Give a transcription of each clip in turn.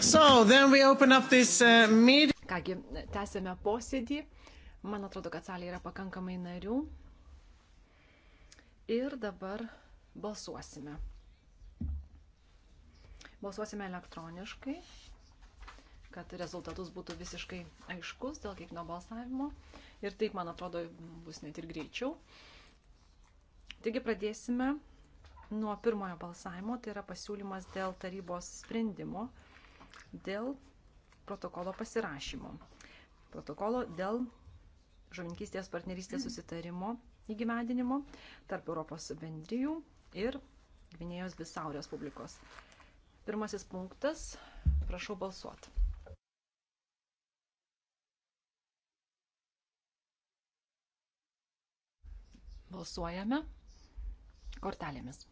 So, then we open up this uh, meeting. Kągi, tęsėme posėdį. Man atrodo, kad salėje yra pakankamai narių. Ir dabar balsuosime. Balsuosime elektroniškai, kad rezultatus būtų visiškai aiškus dėl kiekvieno balsavimo. Ir taip, man atrodo, bus net ir greičiau. Taigi pradėsime nuo pirmojo balsavimo, tai yra pasiūlymas dėl tarybos sprendimo, dėl protokolo pasirašymo. Protokolo dėl žuvininkystės partnerystės susitarimo įgyvendinimo tarp Europos bendrijų ir Gvinėjos Bisau Respublikos. Pirmasis punktas. Prašau balsuoti. Balsuojame kortelėmis.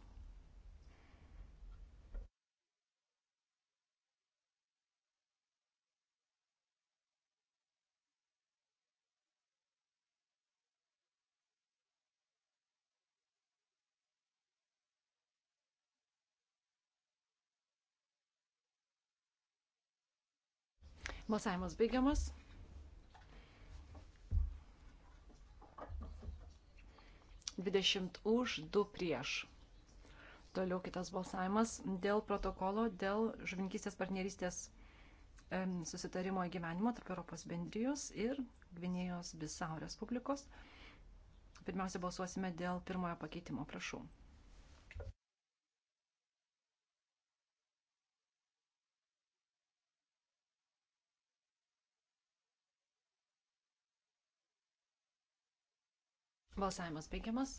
Balsavimas baigiamas. Dvidešimt už, du prieš. Toliau kitas balsavimas dėl protokolo, dėl žuvinkystės partnerystės susitarimo įgyvenimo tarp Europos bendrijos ir Gvinėjos Bisau Respublikos. Pirmiausia, balsuosime dėl pirmojo pakeitimo. Prašau. Balsavimas baigiamas.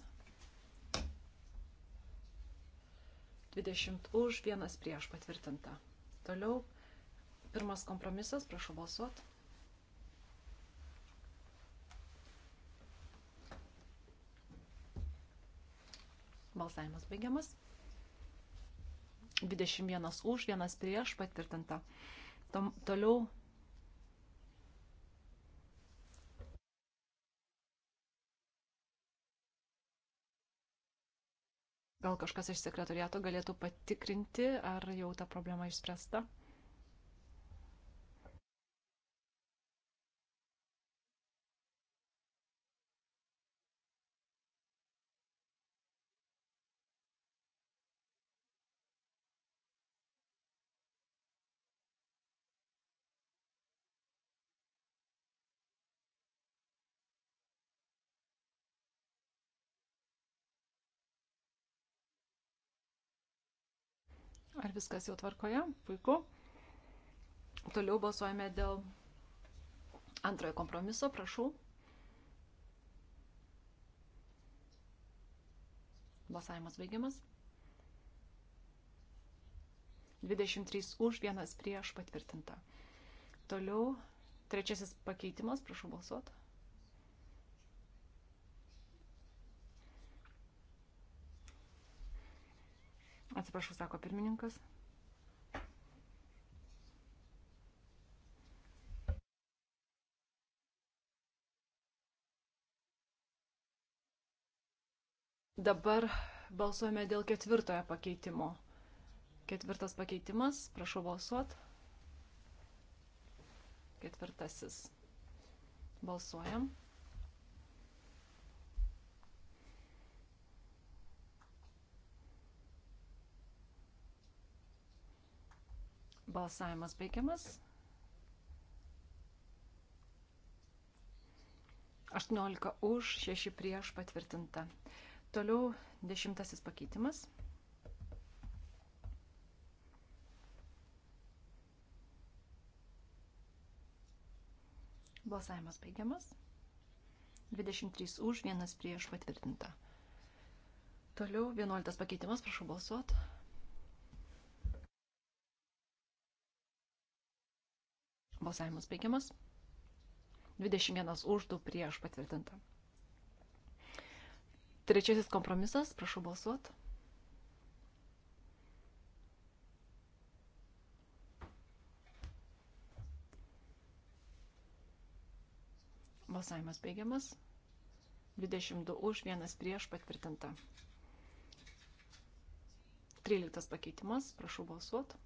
20 už, 1 prieš patvirtinta. Toliau pirmas kompromisas, prašau balsuot. Balsavimas baigiamas. 21 už, 1 prieš patvirtinta. Toliau Gal kažkas iš sekretoriato galėtų patikrinti, ar jau ta problema išspręsta? Ar viskas jau tvarkoje? Puiku. Toliau balsuojame dėl antrojo kompromiso, prašau. Balsavimas baigiamas. 23 už, 1 prieš patvirtinta. Toliau trečiasis pakeitimas, prašau balsuoti. Atsiprašau, sako pirmininkas. Dabar balsuojame dėl ketvirtojo pakeitimo. Ketvirtas pakeitimas, prašau balsuot. Ketvirtasis. Balsuojam. Balsavimas baigiamas. 18 už, 6 prieš patvirtinta. Toliau dešimtasis pakeitimas. Balsavimas baigiamas. 23 už, 1 prieš patvirtinta. Toliau 11 pakeitimas, prašau balsuoti. Balsavimas baigiamas. 21 už 2 prieš patvirtinta. Trečiasis kompromisas, prašau balsuoti. Balsavimas baigiamas. 22 už, 1 prieš patvirtinta. 13 pakeitimas, prašau balsuoti.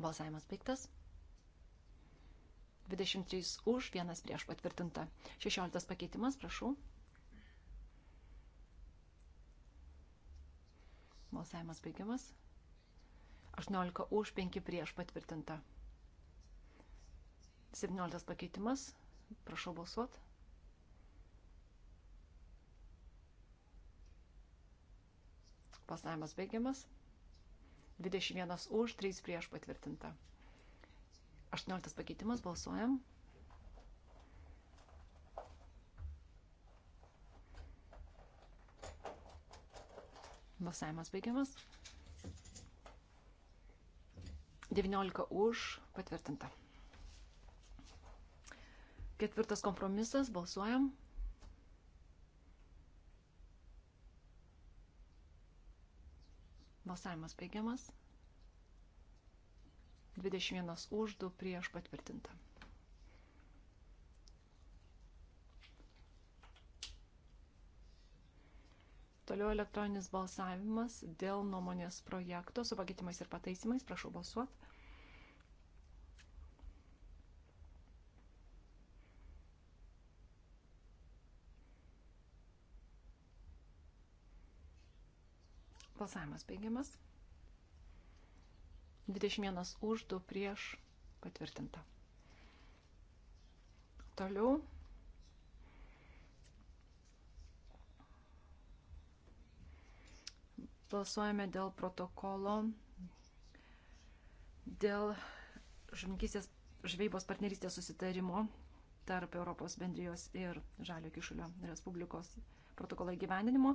Balsavimas baigtas. 23 už, 1 prieš patvirtinta. 16 pakeitimas, prašau. Balsavimas baigiamas. 18 už, 5 prieš patvirtinta. 17 pakeitimas, prašau balsuot. Balsavimas baigiamas. 21 už, 3 prieš patvirtinta. 18 pakeitimas, balsuojam. Balsavimas baigiamas. 19 už, patvirtinta. Ketvirtas kompromisas, balsuojam. Balsuojam. Balsavimas baigiamas. 21 už 2 prieš patvirtinta. Toliau elektroninis balsavimas dėl nuomonės projekto su pakeitimais ir pataisimais. Prašau balsuoti. Balsavimas baigiamas. 21 už, 2 prieš patvirtinta. Toliau. Balsuojame dėl protokolo, dėl žvinkysės žvejybos partnerystės susitarimo tarp Europos bendrijos ir Žalio Kišulio Respublikos protokolo įgyvendinimo.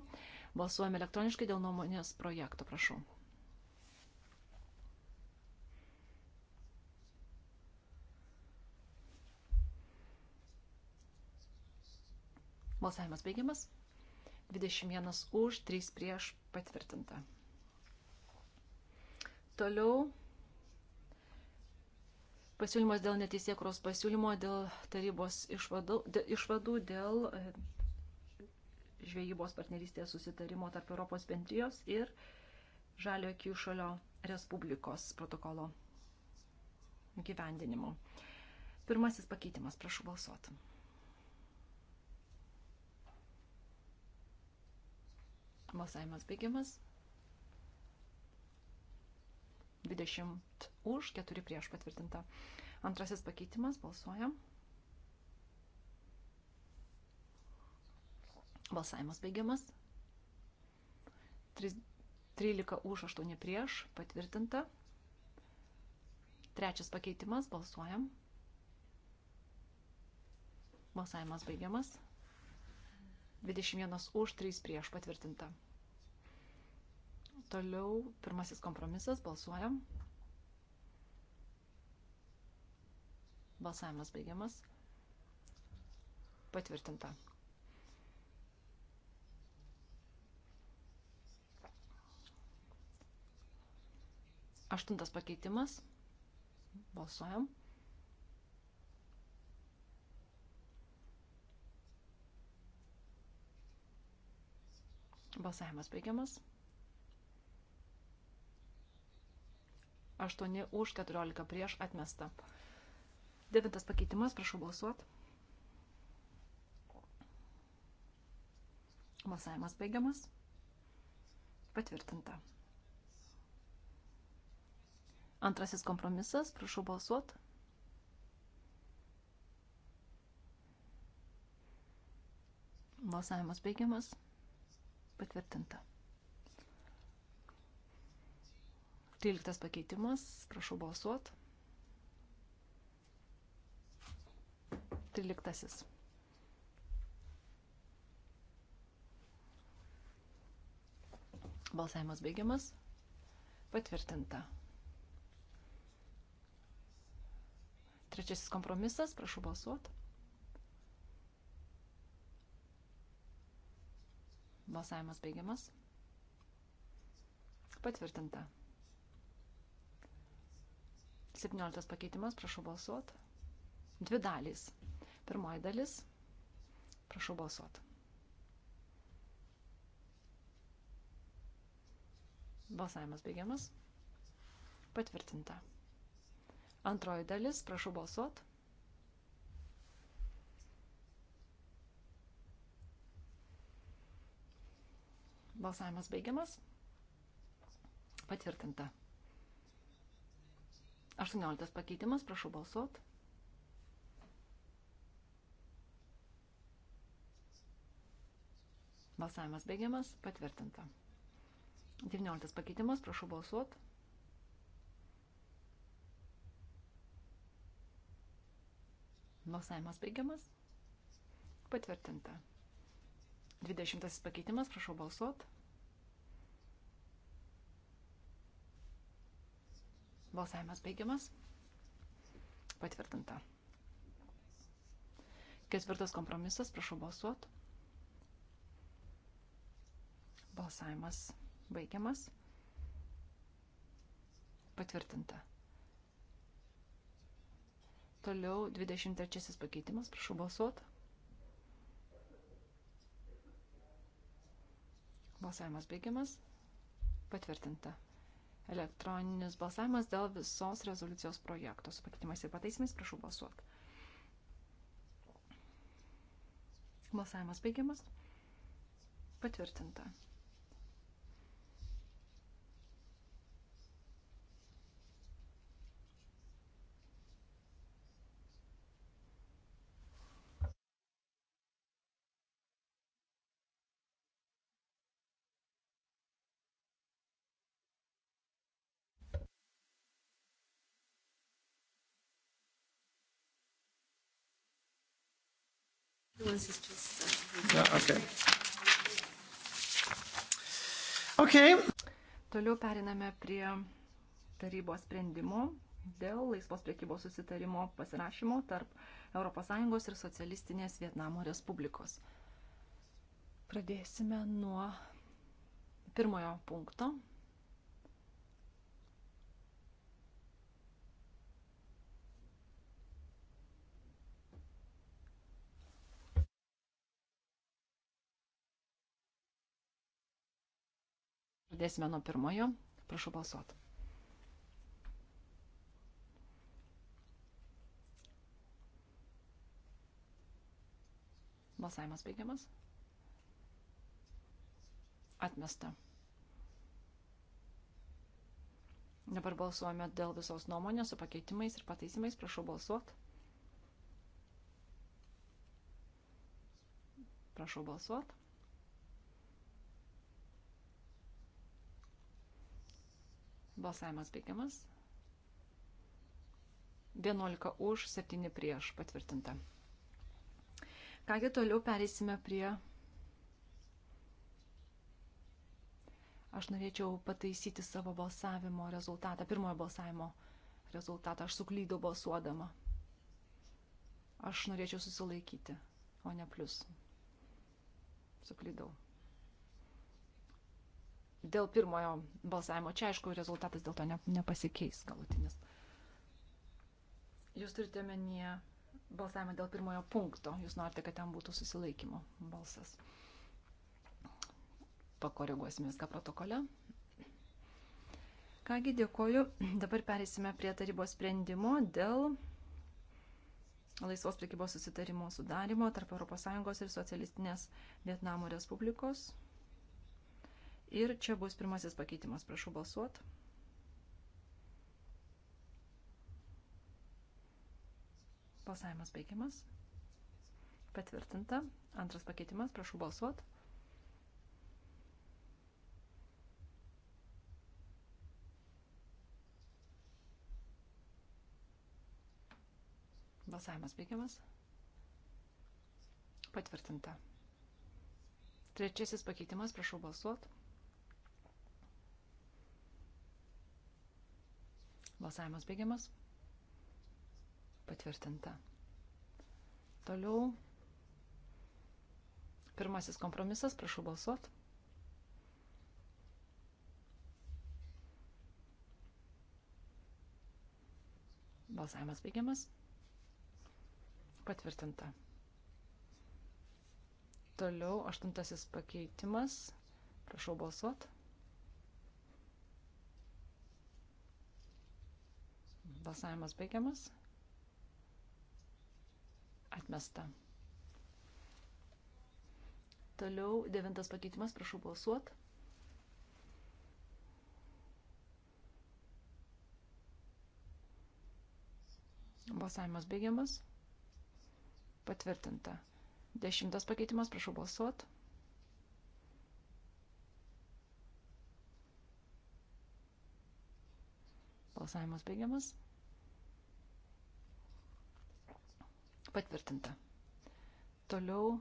Balsuojame elektroniškai dėl nuomonės projekto, prašau. Balsavimas baigiamas. 21 už, 3 prieš patvirtinta. Toliau pasiūlymas dėl neteisėkros pasiūlymo, dėl tarybos išvadų, dėl, išvadų, dėl e, žvejybos partnerystės susitarimo tarp Europos bendrijos ir Žaliojo Kišolio Respublikos protokolo gyvendinimo. Pirmasis pakeitimas, prašau balsuoti. Balsavimas baigiamas. 20 už, 4 prieš patvirtinta. Antrasis pakeitimas, balsuojam. Balsavimas baigiamas. 13 už, 8 prieš, patvirtinta. Trečias pakeitimas, balsuojam. Balsavimas baigiamas. 21 už, 3 prieš, patvirtinta. Toliau pirmasis kompromisas, balsuojam. Balsavimas baigiamas. Patvirtinta. Aštuntas pakeitimas. Balsuojam. Balsavimas baigiamas. 8 už 14 prieš atmesta. Devintas pakeitimas, prašau balsuot. Balsavimas baigiamas. Patvirtinta. Antrasis kompromisas, prašau balsuot. Balsavimas baigiamas. Patvirtinta. 13 pakeitimas, prašau balsuot. 13. Balsavimas baigiamas. Patvirtinta. Trečiasis kompromisas, prašau balsuoti. Balsavimas baigiamas. Patvirtinta. 17 pakeitimas, prašau balsuoti. Dvi dalys. Pirmoji dalis, prašau balsuoti. Balsavimas baigiamas. Patvirtinta. Antroji dalis, prašau balsuot. Balsavimas baigiamas. Patvirtinta. 18 pakeitimas, prašau balsuot. Balsavimas baigiamas, patvirtinta. 19 pakeitimas, prašau balsuot. Balsavimas baigiamas. Patvirtinta. 20 pakeitimas, prašau balsuot. Balsavimas baigiamas. Patvirtinta. Ketvirtas kompromisas, prašau balsuot. Balsavimas baigiamas. Patvirtinta. Toliau 23 pakeitimas, prašau balsuoti. Balsavimas baigiamas. Patvirtinta. Elektroninis balsavimas dėl visos rezoliucijos projekto. Su pakeitimais ir pataisimais prašau balsuoti. Balsavimas baigiamas. Patvirtinta. Influence is just... Yeah, okay. Okay. Toliau periname prie tarybos sprendimo dėl laisvos priekybos susitarimo pasirašymo tarp ES ir socialistinės Vietnamo Respublikos. Pradėsime nuo pirmojo punkto Pradėsime nuo pirmojo. Prašau balsuoti. Balsavimas baigiamas. Atmesta. Dabar balsuojame dėl visos nuomonės su pakeitimais ir pataisimais. Prašau balsuoti. Prašau balsuoti. Balsavimas baigiamas. 11 už, 7 prieš patvirtinta. Kągi toliau pereisime prie. Aš norėčiau pataisyti savo balsavimo rezultatą, pirmojo balsavimo rezultatą. Aš suklydau balsuodama. Aš norėčiau susilaikyti, o ne plus. Suklydau dėl pirmojo balsavimo. Čia, aišku, rezultatas dėl to ne, nepasikeis galutinis. Jūs turite menyje balsavimą dėl pirmojo punkto. Jūs norite, kad ten būtų susilaikymo balsas. Pakoreguosime viską protokole. Kągi, dėkoju. Dabar perėsime prie tarybos sprendimo dėl laisvos prekybos susitarimo sudarimo tarp ES ir socialistinės Vietnamo Respublikos Ir čia bus pirmasis pakeitimas. Prašau balsuot. Balsavimas baigiamas. Patvirtinta. Antras pakeitimas. Prašau balsuot. Balsavimas baigiamas. Patvirtinta. Trečiasis pakeitimas, prašau balsuoti. Balsavimas baigiamas. Patvirtinta. Toliau. Pirmasis kompromisas, prašau balsuot. Balsavimas baigiamas. Patvirtinta. Toliau aštuntasis pakeitimas. Prašau balsuot. Balsavimas baigiamas. Atmesta. Toliau devintas pakeitimas, prašau balsuot. Balsavimas baigiamas. Patvirtinta. Dešimtas pakeitimas, prašau balsuot. Balsavimas baigiamas. Patvirtinta. Toliau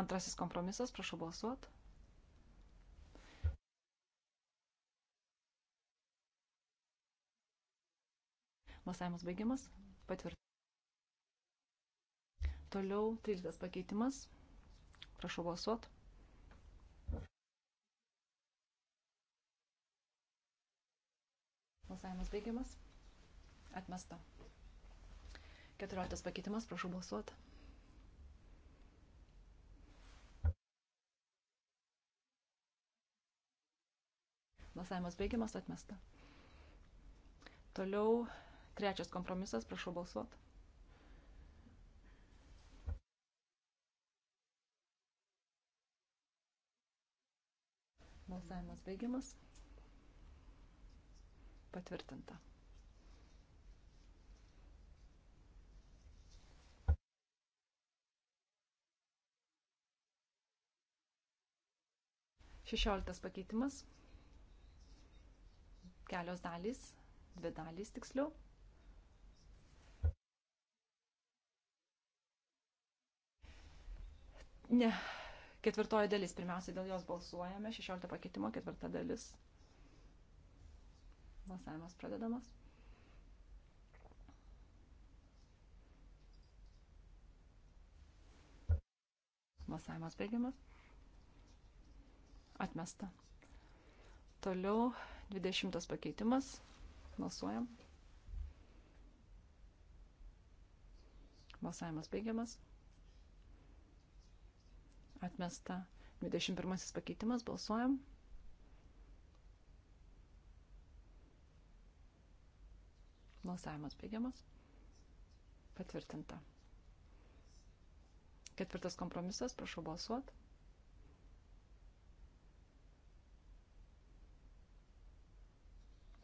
antrasis kompromisas, prašau balsuot. Balsavimas baigiamas. Patvirtinta. Toliau 13 pakeitimas. Prašau balsuot. Balsavimas baigiamas. Atmesta. 14 pakeitimas, prašau balsuoti. Balsavimas baigiamas, atmesta. Toliau trečias kompromisas, prašau balsuoti. Balsavimas baigiamas. Patvirtinta. 16 pakeitimas. Kelios dalys, dvi dalys tiksliau. Ne, ketvirtoji dalis. Pirmiausia, dėl jos balsuojame. 16 pakeitimo ketvirta dalis. Balsavimas pradedamas. Balsavimas baigiamas. Atmesta. Toliau 20 pakeitimas. Balsuojam. Balsavimas baigiamas. Atmesta. 21 pakeitimas. Balsuojam. Balsavimas baigiamas. Patvirtinta. Ketvirtas kompromisas. Prašau balsuoti.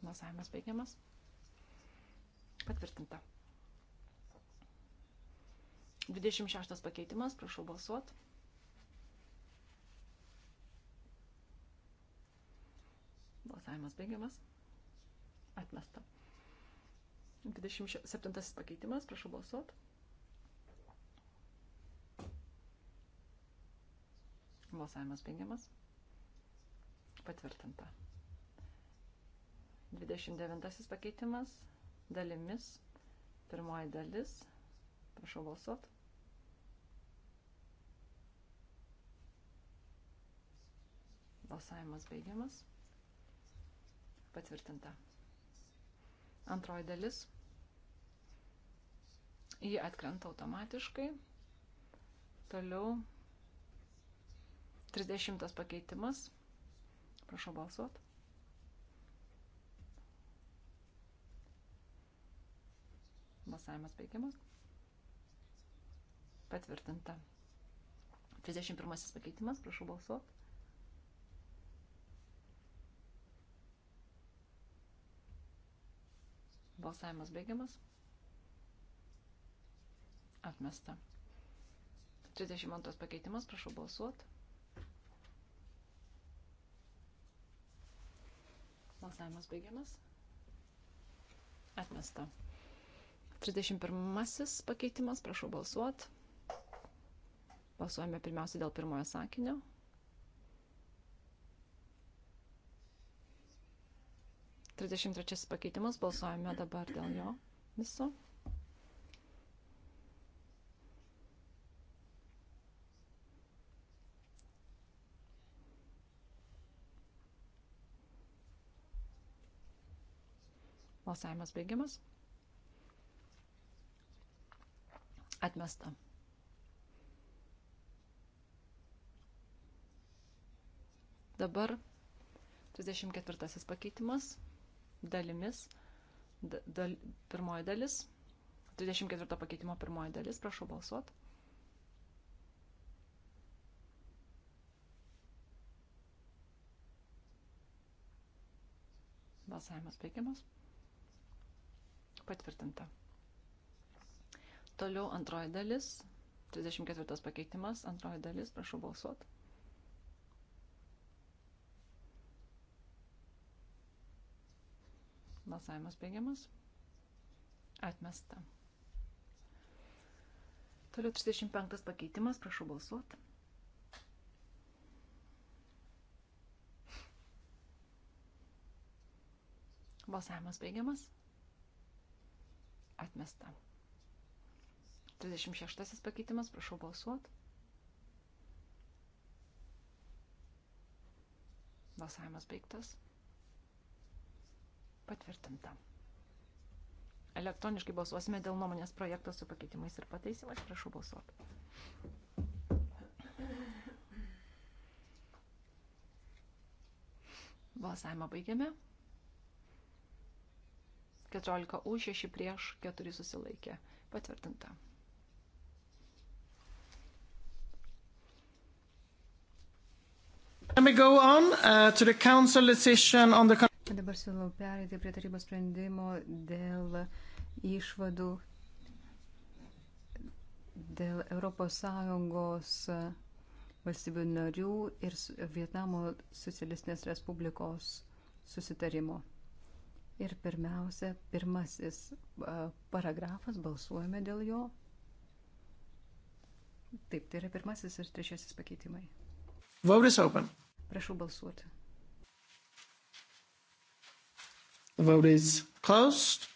Balsavimas baigiamas. Patvirtinta. 26 pakeitimas, prašau balsuot. Balsavimas baigiamas. Atmesta. 27 pakeitimas, prašau balsuot. Balsavimas baigiamas. Patvirtinta. 29 pakeitimas dalimis. Pirmoji dalis. Prašau balsuot. Balsavimas baigiamas. Patvirtinta. Antroji dalis. Ji atkrenta automatiškai. Toliau 30 pakeitimas. Prašau balsuot. Balsavimas baigiamas. Patvirtinta. 31 pakeitimas, prašau balsuoti. Balsavimas baigiamas. Atmesta. 32 pakeitimas, prašau balsuoti. Balsavimas baigiamas. Atmesta. 31 pakeitimas, prašau balsuot. Balsuojame pirmiausia dėl pirmojo sakinio. Trisdešimt trečiasis pakeitimas, balsuojame dabar dėl jo viso. Balsavimas baigiamas. Atmesta. Dabar 34 pakeitimas dalimis. Dal, pirmoji dalis. 24 pakeitimo pirmoji dalis. Prašau balsuot. Balsavimas baigiamas. Patvirtinta. Toliau antroji dalis. 34 pakeitimas, antroji dalis, prašau balsuoti. Balsavimas baigiamas. Atmesta. Toliau 35 pakeitimas, prašau balsuoti. Balsavimas baigiamas. Atmesta. 36 pakeitimas, prašau balsuot. Balsavimas baigtas. Patvirtinta. Elektroniškai balsuosime dėl nuomonės projekto su pakeitimais ir pataisimais. Prašau balsuot. Balsavimą baigiame. 14 už, 6 prieš, 4 susilaikė. Patvirtinta. Uh, the... Dabar siūlau perėti prie tarybos sprendimo dėl išvadų dėl ES uh, valstybių narių ir Vietnamo socialistinės respublikos susitarimo. Ir pirmiausia, pirmasis uh, paragrafas, balsuojame dėl jo. Taip, tai yra pirmasis ir trečiasis pakeitimai. Vote is open. Prašau balsuoti. Vote is closed.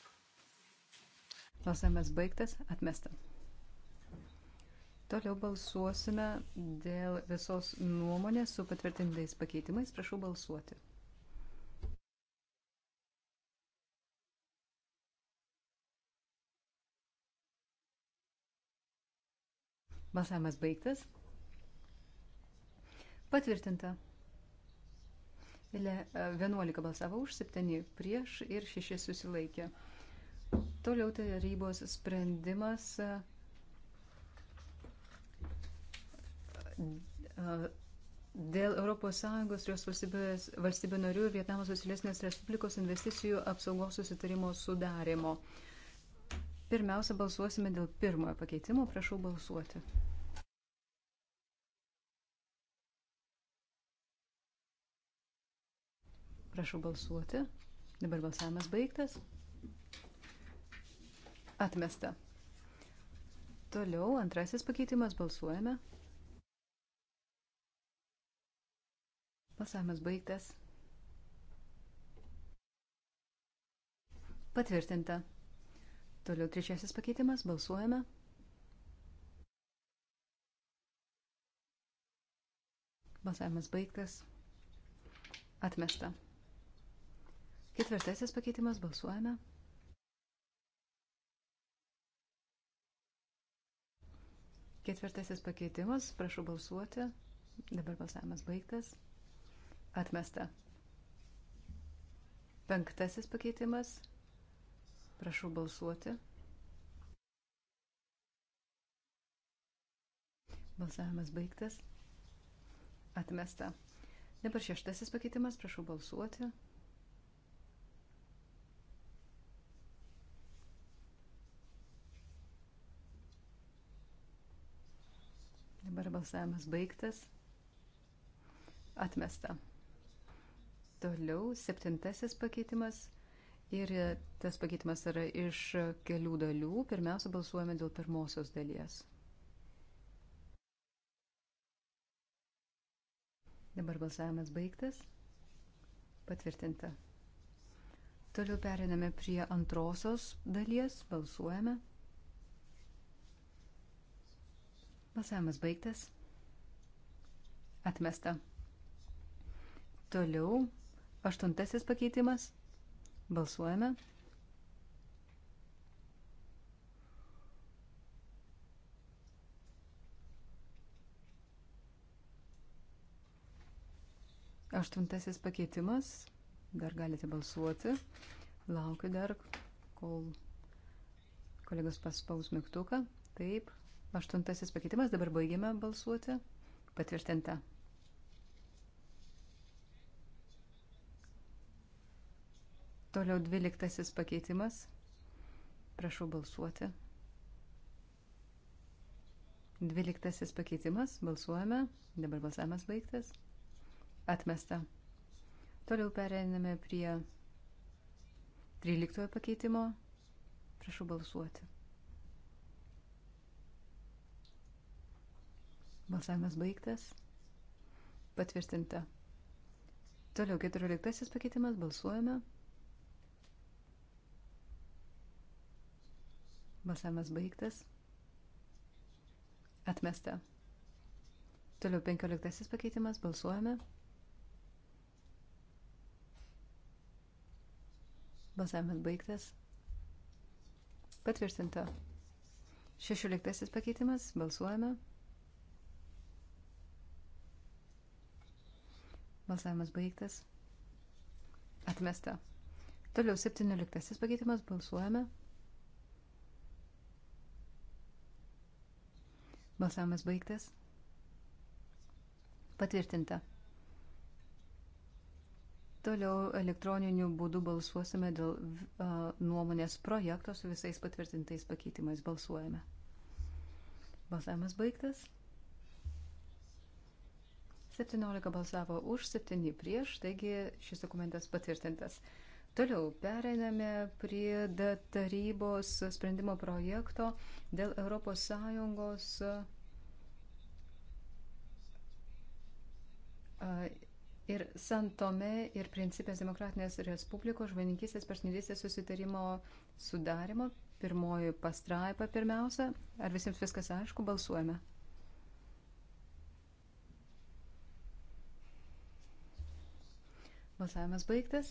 Balsavimas baigtas, atmesta. Toliau balsuosime dėl visos nuomonės su patvirtintais pakeitimais. Prašau balsuoti. Balsavimas baigtas. Patvirtinta. 11 e, balsavo už, 7 prieš ir 6 susilaikė. Toliau tarybos sprendimas e, dėl ES ir jos valstybės, valstybė narių ir Vietnamo socialistinės Respublikos investicijų apsaugos susitarimo sudarimo. Pirmiausia, balsuosime dėl pirmojo pakeitimo. Prašau balsuoti. Prašau balsuoti. Dabar balsavimas baigtas. Atmesta. Toliau antrasis pakeitimas balsuojame. Balsavimas baigtas. Patvirtinta. Toliau trečiasis pakeitimas balsuojame. Balsavimas baigtas. Atmesta. Ketvirtasis pakeitimas balsuojame. Ketvirtasis pakeitimas, prašau balsuoti. Dabar balsavimas baigtas. Atmesta. Penktasis pakeitimas, prašau balsuoti. Balsavimas baigtas. Atmesta. Dabar šeštasis pakeitimas, prašau balsuoti. Balsavimas baigtas. Atmesta. Toliau septintasis pakeitimas. Ir tas pakeitimas yra iš kelių dalių. Pirmiausia, balsuojame dėl pirmosios dalies. Dabar balsavimas baigtas. Patvirtinta. Toliau periname prie antrosios dalies. Balsuojame. Balsavimas baigtas. Atmesta. Toliau aštuntasis pakeitimas. Balsuojame. Aštuntasis pakeitimas. Dar galite balsuoti. Laukiu dar, kol kolegos paspaus mygtuką. Taip, Aštuntasis pakeitimas, dabar baigėme balsuoti. Patvirtinta. Toliau dvyliktasis pakeitimas. Prašau balsuoti. Dvyliktasis pakeitimas. Balsuojame. Dabar balsavimas baigtas. Atmesta. Toliau pereiname prie tryliktojo pakeitimo. Prašau balsuoti. Balsavimas baigtas. Patvirtinta. Toliau 14 pakeitimas. Balsuojame. Balsavimas baigtas. Atmesta. Toliau 15 pakeitimas. Balsuojame. Balsavimas baigtas. Patvirtinta. 16 pakeitimas. Balsuojame. Balsavimas baigtas. Atmesta. Toliau 17 pakeitimas. Balsuojame. Balsavimas baigtas. Patvirtinta. Toliau elektroniniu būdu balsuosime dėl uh, nuomonės projekto su visais patvirtintais pakeitimais. Balsuojame. Balsavimas baigtas. 17 balsavo už, 7 prieš, taigi šis dokumentas patvirtintas. Toliau pereiname prie tarybos sprendimo projekto dėl ES ir Santome ir Principės Demokratinės Respublikos žvaninkysės partnerystės susitarimo sudarimo. Pirmoji pastraipa pirmiausia. Ar visiems viskas aišku? Balsuojame. Balsavimas baigtas.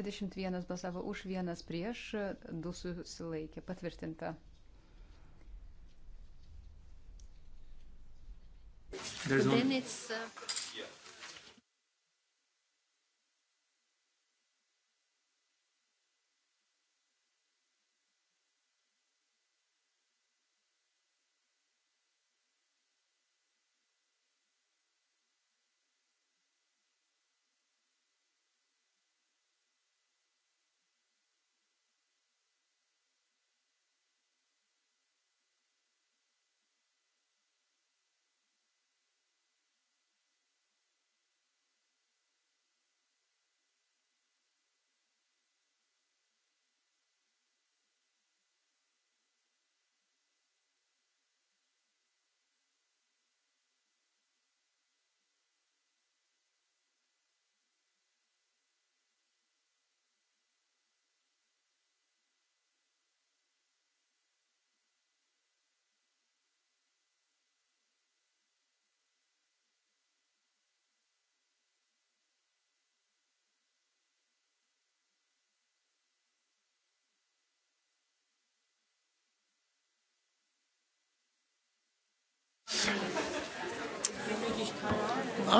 21 balsavo už, vienas prieš, du susilaikė. Patvirtinta. There's then it's uh,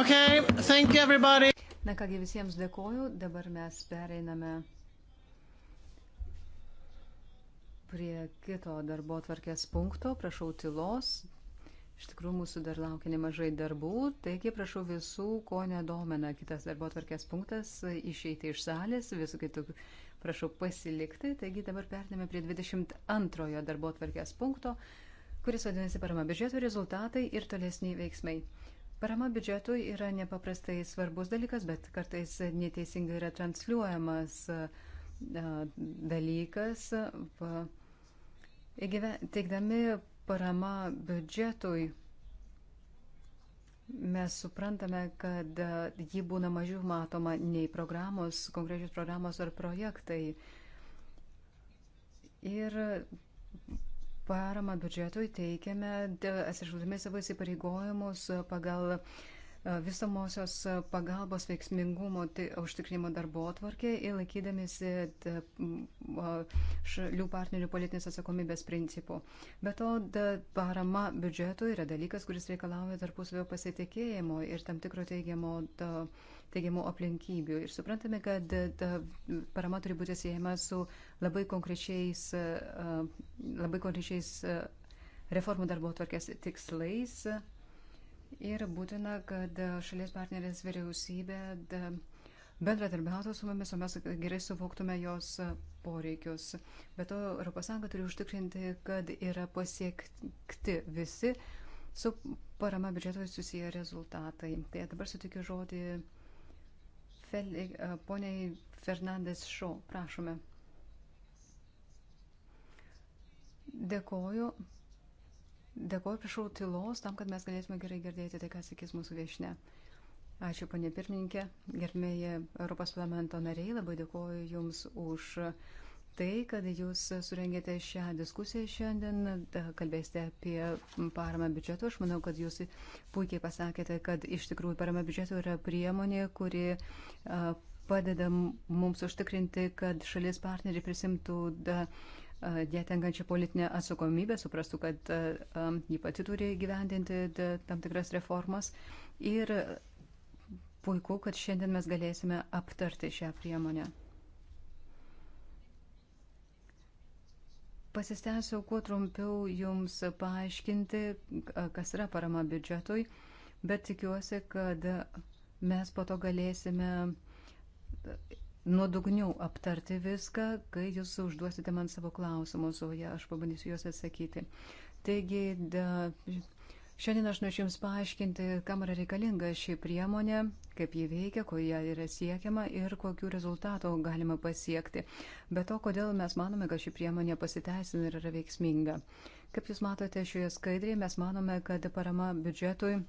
Okay, thank you everybody. Na kągi visiems dėkoju, dabar mes pereiname prie kito darbo tvarkės punkto, prašau tylos. Iš tikrųjų, mūsų dar laukia nemažai darbų, taigi prašau visų, ko nedomina kitas darbo tvarkės punktas, išeiti iš salės, visų kitų prašau pasilikti. Taigi dabar periname prie 22 darbo tvarkės punkto, kuris vadinasi parama biudžeto rezultatai ir tolesniai veiksmai. Parama biudžetui yra nepaprastai svarbus dalykas, bet kartais neteisingai yra transliuojamas e, dalykas. Teikdami parama biudžetui mes suprantame, kad e, ji būna mažiau matoma nei programos, konkrečios programos ar projektai. Ir Paramą biudžetui teikiame atsižvelgdami savo įsipareigojimus pagal uh, E, visamosios e, pagalbos veiksmingumo tai, užtikrinimo darbo atvarkė ir laikydamėsi šalių partnerių politinės atsakomybės principų. Be to, parama biudžetui yra dalykas, kuris reikalauja tarpusavio pasitikėjimo ir tam tikro teigiamo, da, teigiamo aplinkybių. Ir suprantame, kad da, parama turi būti siejama su labai konkrečiais, e, labai konkrečiais reformų darbo atvarkės tikslais. Ir būtina, kad šalies partnerės vyriausybė bendradarbiautų su mumis, o mes gerai suvoktume jos poreikius. Bet to ES turi užtikrinti, kad yra pasiekti visi su parama biudžetoje susiję rezultatai. Tai dabar sutikiu žodį Feli, e, poniai Fernandės Šo. Prašome. Dėkoju. Dėkuoju, prašau tylos tam, kad mes galėtume gerai girdėti tai, ką sakys mūsų viešne. Ačiū, panė pirmininkė, gerbėjai Europos parlamento nariai, labai dėkuoju Jums už tai, kad Jūs surengėte šią diskusiją šiandien, kalbėsite apie paramą biudžeto. Aš manau, kad Jūs puikiai pasakėte, kad iš tikrųjų parama biudžeto yra priemonė, kuri padeda mums užtikrinti, kad šalis partneriai prisimtų da, uh, jie tenkančią politinę atsakomybę, suprastų, kad ji pati turi gyvendinti tam tikras reformas. Ir puiku, kad šiandien mes galėsime aptarti šią priemonę. Pasistęsiu kuo trumpiau jums paaiškinti, kas yra parama biudžetui, bet tikiuosi, kad mes po to galėsime nuodugniau aptarti viską, kai jūs užduosite man savo klausimus, o ja, aš pabandysiu juos atsakyti. Taigi, da, Šiandien aš norėčiau Jums paaiškinti, kam yra reikalinga ši priemonė, kaip ji veikia, ko ją yra siekiama ir kokiu rezultatu galima pasiekti. Be to, kodėl mes manome, kad ši priemonė pasiteisina ir yra veiksminga. Kaip Jūs matote šioje skaidrėje, mes manome, kad parama biudžetui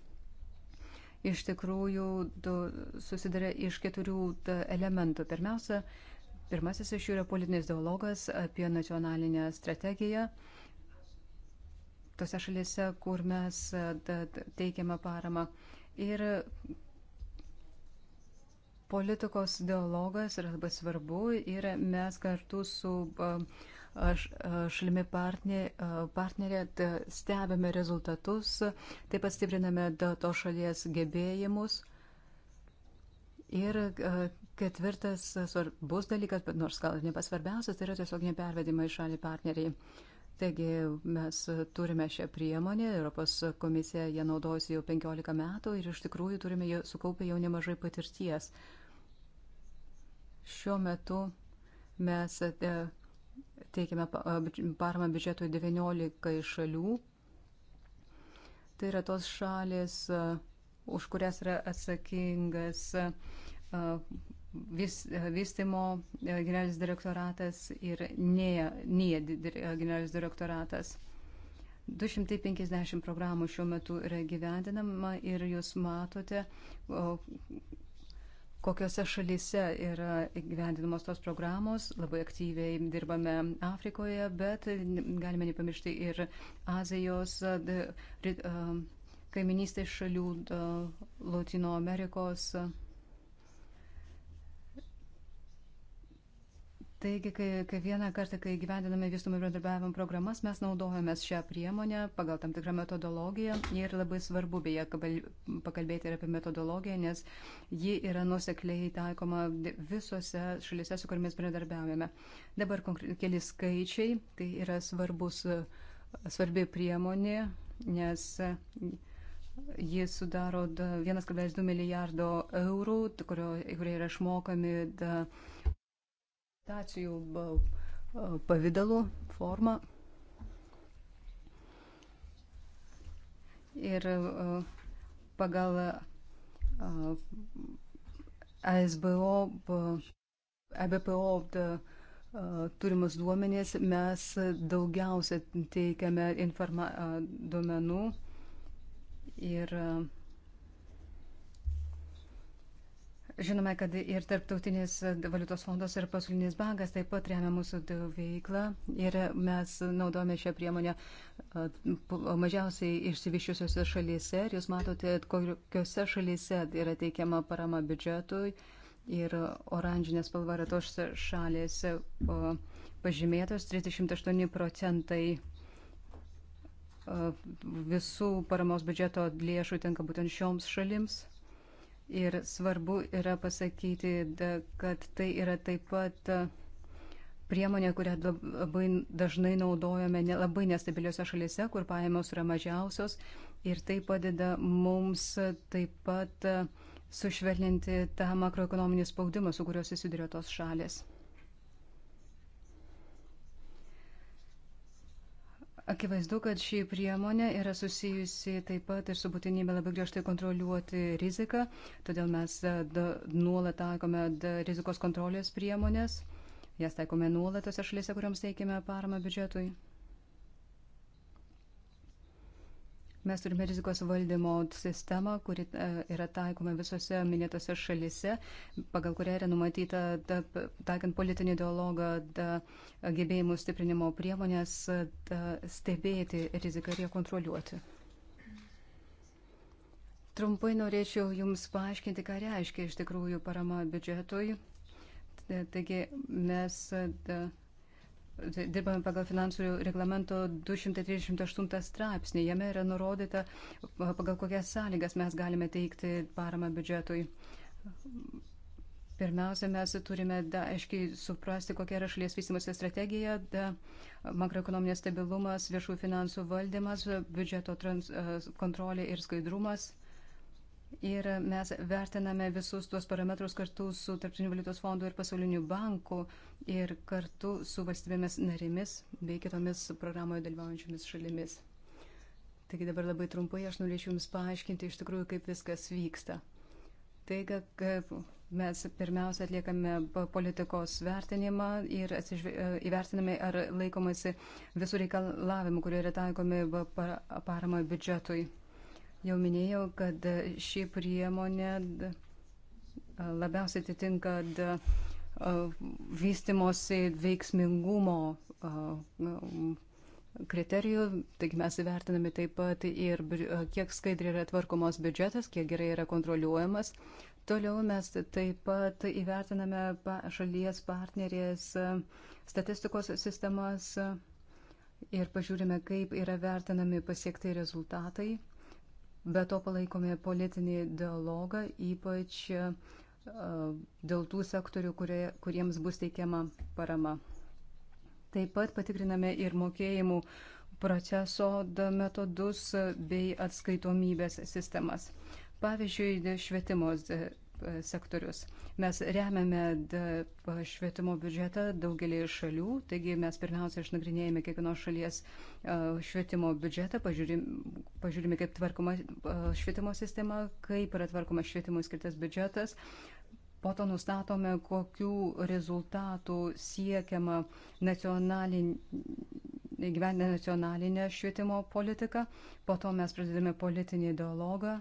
iš tikrųjų susidarė iš keturių elementų. Pirmiausia, pirmasis iš jų yra politinis dialogas apie nacionalinę strategiją. Tose šalise, kur mes teikiame paramą. Ir politikos dialogas yra labai svarbu ir mes kartu su uh, šalimi partnerė, stebime rezultatus, taip pat stipriname to šalies gebėjimus. Ir ketvirtas svarbus dalykas, bet nors gal ir nepasvarbiausias, tai yra tiesiog nepervedimai šalį partneriai. Taigi mes turime šią priemonę, Europos komisija ją naudosi jau 15 metų ir iš tikrųjų turime sukaupę jau nemažai patirties. Šiuo metu mes teikiame paramą biudžetui 19 šalių. Tai yra tos šalis, už kurias yra atsakingas vis, vystimo generalinis direktoratas ir NIE generalinis direktoratas. 250 programų šiuo metu yra gyvendinama ir jūs matote, kokiose šalise yra gyvendinamos tos programos. Labai aktyviai dirbame Afrikoje, bet galime nepamiršti ir Azijos, e, e, kaiminystės šalių, e, Latino Amerikos. Uh, Taigi, kai, kai vieną kartą, kai gyvendiname vystumų bendradarbiavimo programas, mes naudojame šią priemonę pagal tam tikrą metodologiją. Ji yra labai svarbu, beje, pakalbėti ir apie metodologiją, nes ji yra nusekliai taikoma visose šalise, su kuriamis bendradarbiavame. Dabar keli skaičiai, tai yra svarbus, svarbi priemonė, nes jis sudaro 1,2 milijardo eurų, kurie yra išmokami. Da, Tacijų pavydalu, forma. Ir pagal ASBO, ABPO turimus duomenės mes daugiausia teikiame informa, duomenų ir uh, Žinome, kad ir Tarptautinis valiutos fondas ir Pasaulinis bankas taip pat remia mūsų veiklą ir mes naudojame šią priemonę mažiausiai išsivyščiusiuose šalyse ir jūs matote, kokiuose šalyse yra teikiama parama biudžetui ir oranžinė spalva yra tos šalės pažymėtos 38 procentai visų paramos biudžeto lėšų tenka būtent šioms šalims. Ir svarbu yra pasakyti, kad tai yra taip pat priemonė, kurią labai dažnai naudojame labai nestabiliuose šalyse, kur pajamos yra mažiausios. Ir tai padeda mums taip pat sušvelninti tą makroekonominį spaudimą, su kuriuo susiduria tos šalės. Akivaizdu, kad ši priemonė yra susijusi taip pat ir su būtinybė labai griežtai kontroliuoti riziką, todėl mes e, nuolat taikome rizikos kontrolės priemonės, jas taikome nuolat tose šalyse, kuriams teikime paramą biudžetui. Mes turime rizikos valdymo sistemą, kuri e, yra taikoma visose minėtose šalise, pagal kurią yra numatyta, taikant politinį dialogą, da, gebėjimų stiprinimo priemonės, da, stebėti riziką ir ją kontroliuoti. Trumpai norėčiau Jums paaiškinti, ką reiškia iš tikrųjų parama biudžetui. Taigi mes. Da, Tai dirbame pagal finansų reglamento 238 straipsnį. Jame yra nurodyta, pagal kokias sąlygas mes galime teikti paramą biudžetui. Pirmiausia, mes turime da, aiškiai suprasti, kokia yra šalies vystimosi strategija, da, makroekonominės stabilumas, viešųjų finansų valdymas, biudžeto trans, kontrolė ir skaidrumas. Ir mes vertiname visus tuos parametrus kartu su Tarptautiniu valiutos fondu ir Pasauliniu banku ir kartu su valstybėmis narėmis bei kitomis programoje dalyvaujančiomis šalimis. Taigi dabar labai trumpai aš norėčiau Jums paaiškinti iš tikrųjų, kaip viskas vyksta. Tai, kad mes pirmiausia atliekame politikos vertinimą ir e, įvertiname, ar laikomasi visų reikalavimų, kurie yra taikomi paramai biudžetui. Jau minėjau, kad ši priemonė labiausiai atitinka vystimosi veiksmingumo kriterijų, taigi mes įvertiname taip pat ir kiek skaidriai yra tvarkomos biudžetas, kiek gerai yra kontroliuojamas. Toliau mes taip pat įvertiname šalies partnerės statistikos sistemas ir pažiūrime, kaip yra vertinami pasiekti rezultatai. Be to palaikome politinį dialogą, ypač e, dėl tų sektorių, kurie, kuriems bus teikiama parama. Taip pat patikriname ir mokėjimų proceso metodus bei atskaitomybės sistemas. Pavyzdžiui, švietimos sektorius. Mes remiame švietimo biudžetą daugelį šalių, taigi mes pirmiausia išnagrinėjame kiekvienos šalies švietimo biudžetą, pažiūrime, pažiūrime kaip tvarkoma švietimo sistema, kaip yra tvarkoma švietimui skirtas biudžetas. Po to nustatome, kokiu rezultatu siekiama nacionalin, gyvenę nacionalinę švietimo politiką. Po to mes pradedame politinį dialogą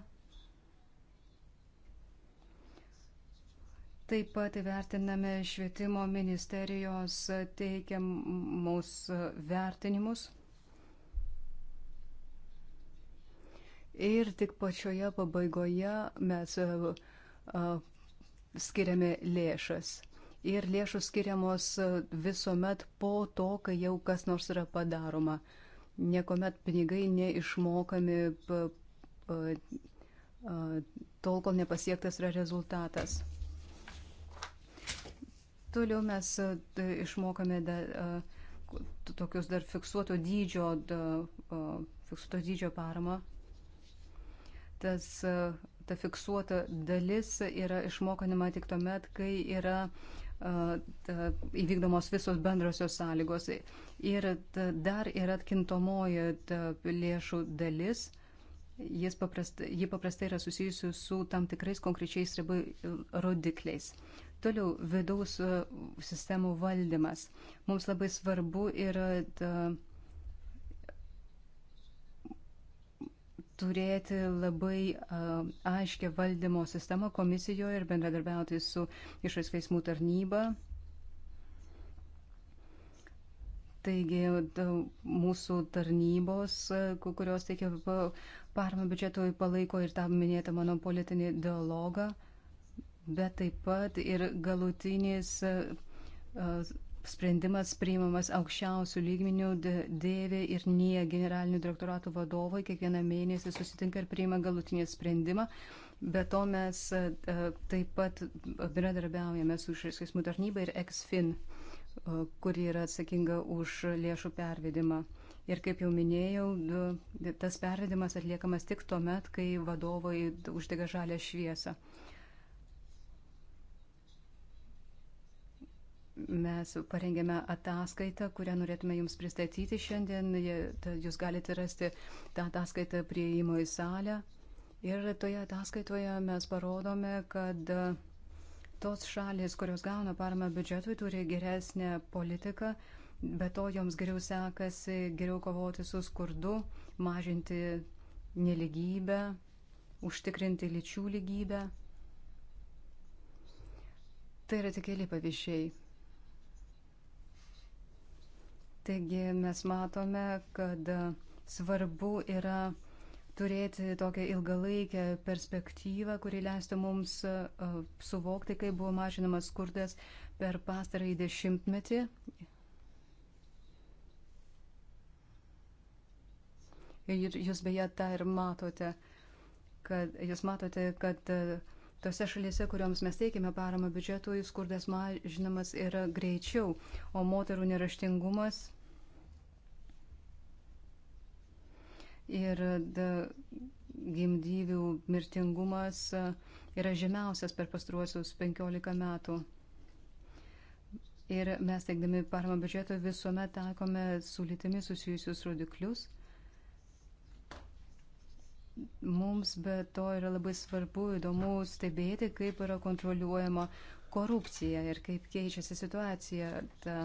Taip pat įvertiname švietimo ministerijos teikiamus vertinimus. Ir tik pačioje pabaigoje mes skiriame lėšas. Ir lėšos skiriamos visuomet po to, kai jau kas nors yra padaroma. Niekuomet pinigai neišmokami tol, kol nepasiektas yra rezultatas. Toliau mes e, išmokame da, e, tokius dar fiksuoto dydžio, da, e, fiksuoto dydžio paramą. Tas, ta fiksuota dalis yra išmokanima tik tuomet, kai yra įvykdomos visos bendrosios sąlygos. Ir dar yra atkintomoji lėšų dalis. Jis paprastai, ji paprastai yra susijusi su tam tikrais konkrečiais ribai rodikliais. Toliau vidaus e, sistemų valdymas. Mums labai svarbu yra ta, e, turėti labai uh, aiškę valdymo sistemą komisijoje ir bendradarbiauti su išorės veiksmų tarnyba. Taigi da, mūsų tarnybos, kurios teikia paramą biudžetui, palaiko ir tą minėtą mano politinį dialogą. Uh, bet taip pat ir galutinis e, e, sprendimas priimamas aukščiausių lygmenių dėvė ir nie generalinių direktoratų vadovai kiekvieną mėnesį susitinka ir priima galutinį sprendimą. Be to mes e, taip pat bendradarbiaujame su išorės teismų tarnyba ir EXFIN, kuri yra atsakinga už lėšų pervedimą. Ir kaip jau minėjau, tas pervedimas atliekamas tik tuo met, kai vadovai uždega žalę šviesą. Mes parengėme ataskaitą, kurią norėtume Jums pristatyti šiandien. Jūs galite rasti tą ataskaitą prieimo į salę. Ir toje ataskaitoje mes parodome, kad e, tos šalis, kurios gauna paramą biudžetui, turi geresnę politiką, be to joms geriau sekasi geriau kovoti su skurdu, mažinti neligybę, užtikrinti lyčių lygybę. Tai yra tik keli pavyzdžiai. Taigi mes matome, kad svarbu yra turėti tokią ilgalaikę perspektyvą, kuri leistų mums suvokti, kaip buvo mažinamas skurdas per pastarąjį dešimtmetį. Ir jūs beje tą ir matote, kad jūs matote, kad tose šalyse, kuriuoms mes teikime paramą biudžetui, skurdas mažinamas yra greičiau, o moterų neraštingumas ir gimdyvių mirtingumas yra žemiausias per pastruosius 15 metų. Ir mes teikdami paramą biudžeto visuomet taikome su lytimi susijusius rodiklius. Mums be to yra labai svarbu įdomu stebėti, kaip yra kontroliuojama korupcija ir kaip keičiasi situacija ta,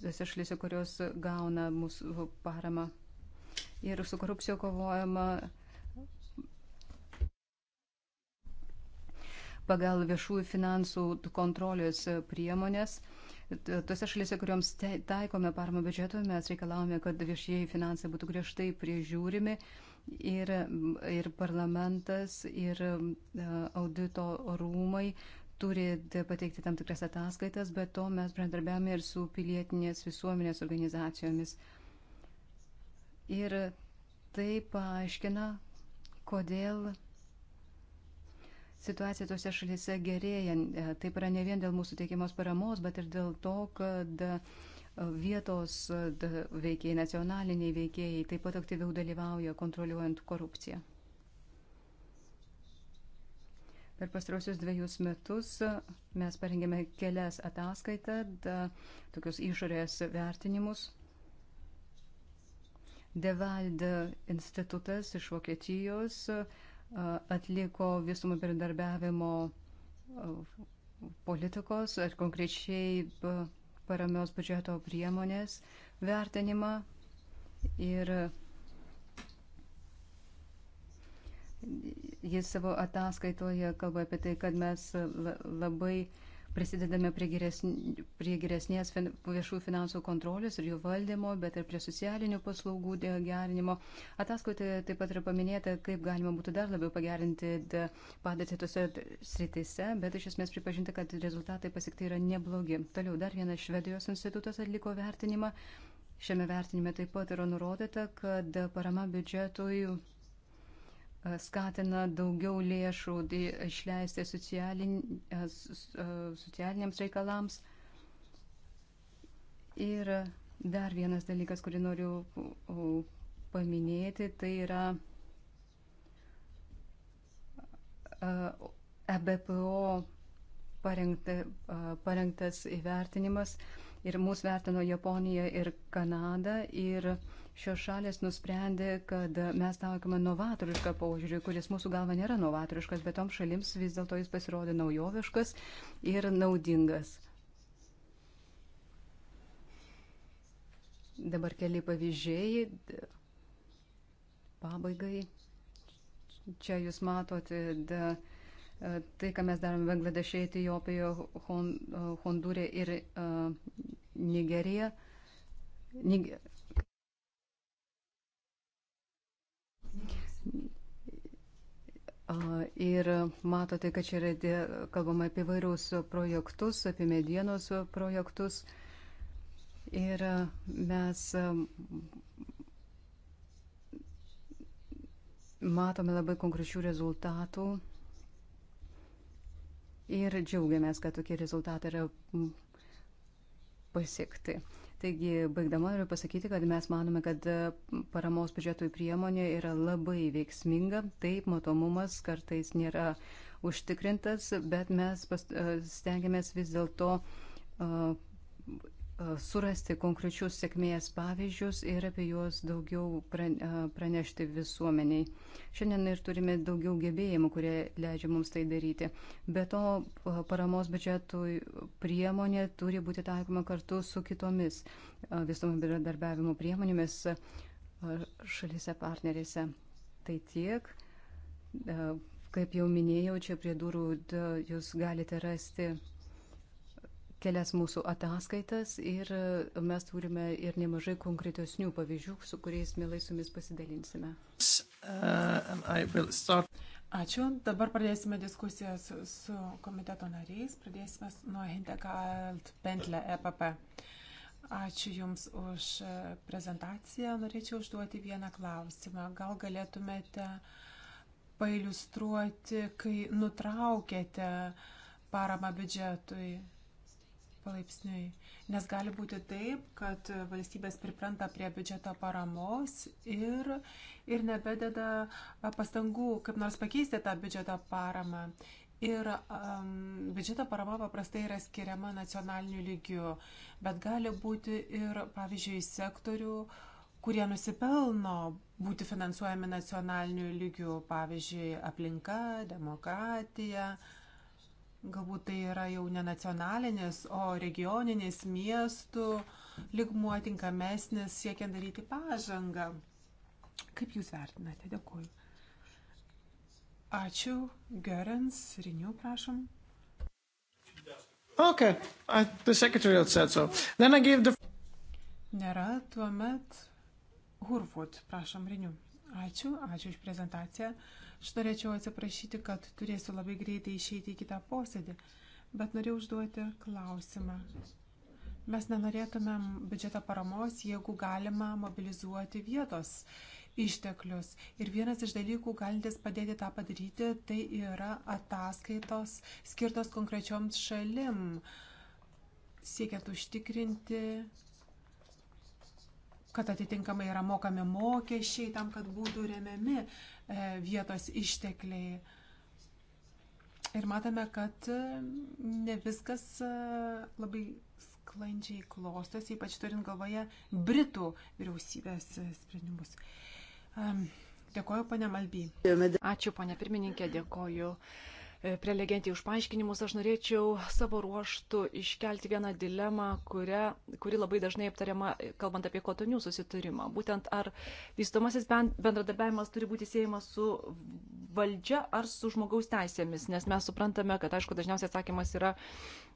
tose šalyse, kurios gauna mūsų paramą ir su korupcija kovojama pagal viešųjų finansų kontrolės priemonės. Tose šalise, kuriuoms taikome parmą biudžeto, mes reikalavome, kad viešieji finansai būtų griežtai priežiūrimi ir, ir parlamentas, ir e, audito rūmai turi pateikti tam tikras ataskaitas, bet to mes bendradarbiavame ir su pilietinės visuomenės organizacijomis. Uh, Ir tai paaiškina, kodėl situacija tose šalyse gerėja. Taip yra ne vien dėl mūsų teikiamos paramos, bet ir dėl to, kad vietos veikėjai, nacionaliniai veikėjai taip pat aktyviau dalyvauja kontroliuojant korupciją. Per pastarosius dviejus metus mes parengėme kelias ataskaitą, tokius išorės vertinimus Devalde institutas iš Vokietijos atliko visumų bendradarbiavimo politikos ar konkrečiai paramios biudžeto priemonės vertinimą ir jis savo ataskaitoje kalba apie tai, kad mes labai uh, prisidedame prie, geresn, prie geresnės fin, viešų finansų kontrolės ir jų valdymo, bet ir prie socialinių paslaugų gerinimo. Ataskaitoje taip pat yra paminėta, kaip galima būtų dar labiau pagerinti padėtį tose sritise, bet iš esmės pripažinti, kad rezultatai pasiekti yra neblogi. Toliau dar vienas Švedijos institutas atliko vertinimą. Šiame vertinime taip pat yra nurodyta, kad parama biudžetui E, skatina daugiau lėšų išleisti e, e, socialiniams reikalams. Ir dar vienas dalykas, kurį noriu paminėti, tai yra EBPO parengta, parengtas įvertinimas ir mūsų vertino Japonija ir Kanada. Ir uh, Šios šalės nusprendė, kad mes taikome novatorišką požiūrį, kuris mūsų galva nėra novatoriškas, bet tom šalims vis dėlto jis pasirodė naujoviškas ir naudingas. Dabar keli pavyzdžiai. Pabaigai. Čia jūs matote da, tai, ką mes darome Bangladešė, Etijopijoje, Hondūrė ir uh, Nigerija. Niger Ir matote, kad čia yra kalbama apie vairiaus projektus, apie medienos projektus. Ir mes matome labai konkrečių rezultatų. Ir džiaugiamės, kad tokie rezultatai yra pasiekti. Taigi, baigdama noriu pasakyti, kad mes manome, kad e, paramos biudžetui priemonė yra labai veiksminga. Taip, matomumas kartais nėra užtikrintas, bet mes e, stengiamės vis dėlto uh, surasti konkrečius sėkmės pavyzdžius ir apie juos daugiau pranešti visuomeniai. Šiandien ir turime daugiau gebėjimų, kurie leidžia mums tai daryti. Be to, paramos biudžetui priemonė turi būti taikoma kartu su kitomis visuomenio bendradarbiavimo priemonėmis šalise partnerėse. Tai tiek. Kaip jau minėjau, čia prie durų jūs galite rasti kelias mūsų ataskaitas ir e, mes turime ir nemažai konkretesnių pavyzdžių, su kuriais mielai su jumis pasidalinsime. Uh, Ačiū. Dabar pradėsime diskusijas su komiteto nariais. Pradėsime nuo Hindegard Bentlė EPP. Ačiū Jums už e, prezentaciją. Norėčiau užduoti vieną klausimą. Gal galėtumėte pailustruoti, kai nutraukėte paramą biudžetui palaipsniui. Nes gali būti taip, kad valstybės pripranta prie biudžeto paramos ir, ir nebededa pastangų, kaip nors pakeisti tą biudžeto paramą. Ir um, biudžeto parama paprastai yra skiriama nacionaliniu lygiu, bet gali būti ir, pavyzdžiui, sektorių, kurie nusipelno būti finansuojami nacionaliniu lygiu, pavyzdžiui, aplinka, demokratija. Uh, Galbūt tai yra jau ne nacionalinis, o regioninis miestų ligmuo tinkamesnis siekiant daryti pažangą. Kaip Jūs vertinate? Dėkuoju. Ačiū. Gerens, Rinių, prašom. Okay. I, the secretary said so. Then I gave the... Nėra, tuomet Hurvud, prašom, Rinių. Ačiū, ačiū už prezentaciją. Uh, Aš norėčiau atsiprašyti, kad turėsiu labai greitai išeiti į kitą posėdį, bet norėjau užduoti klausimą. Mes nenorėtumėm biudžeto paramos, jeigu galima mobilizuoti vietos išteklius. Ir vienas iš dalykų galintis padėti tą padaryti, tai yra ataskaitos skirtos konkrečioms šalim, siekiant užtikrinti kad atitinkamai yra mokami mokesčiai tam, kad būtų remiami E, vietos ištekliai. Ir matome, kad e, ne viskas e, labai sklandžiai klostas, ypač turint galvoje Britų vyriausybės sprendimus. Dėkoju, ponė Malby. Ačiū, ponė pirmininkė, dėkoju E, prelegentė už paaiškinimus. Aš norėčiau savo ruoštų iškelti vieną dilemą, kurią, kuri labai dažnai aptariama, e, kalbant apie kotonių susitarimą. Būtent ar vystomasis bendradarbiavimas turi būti siejamas su valdžia ar su žmogaus teisėmis, nes mes suprantame, kad, aišku, dažniausiai atsakymas yra,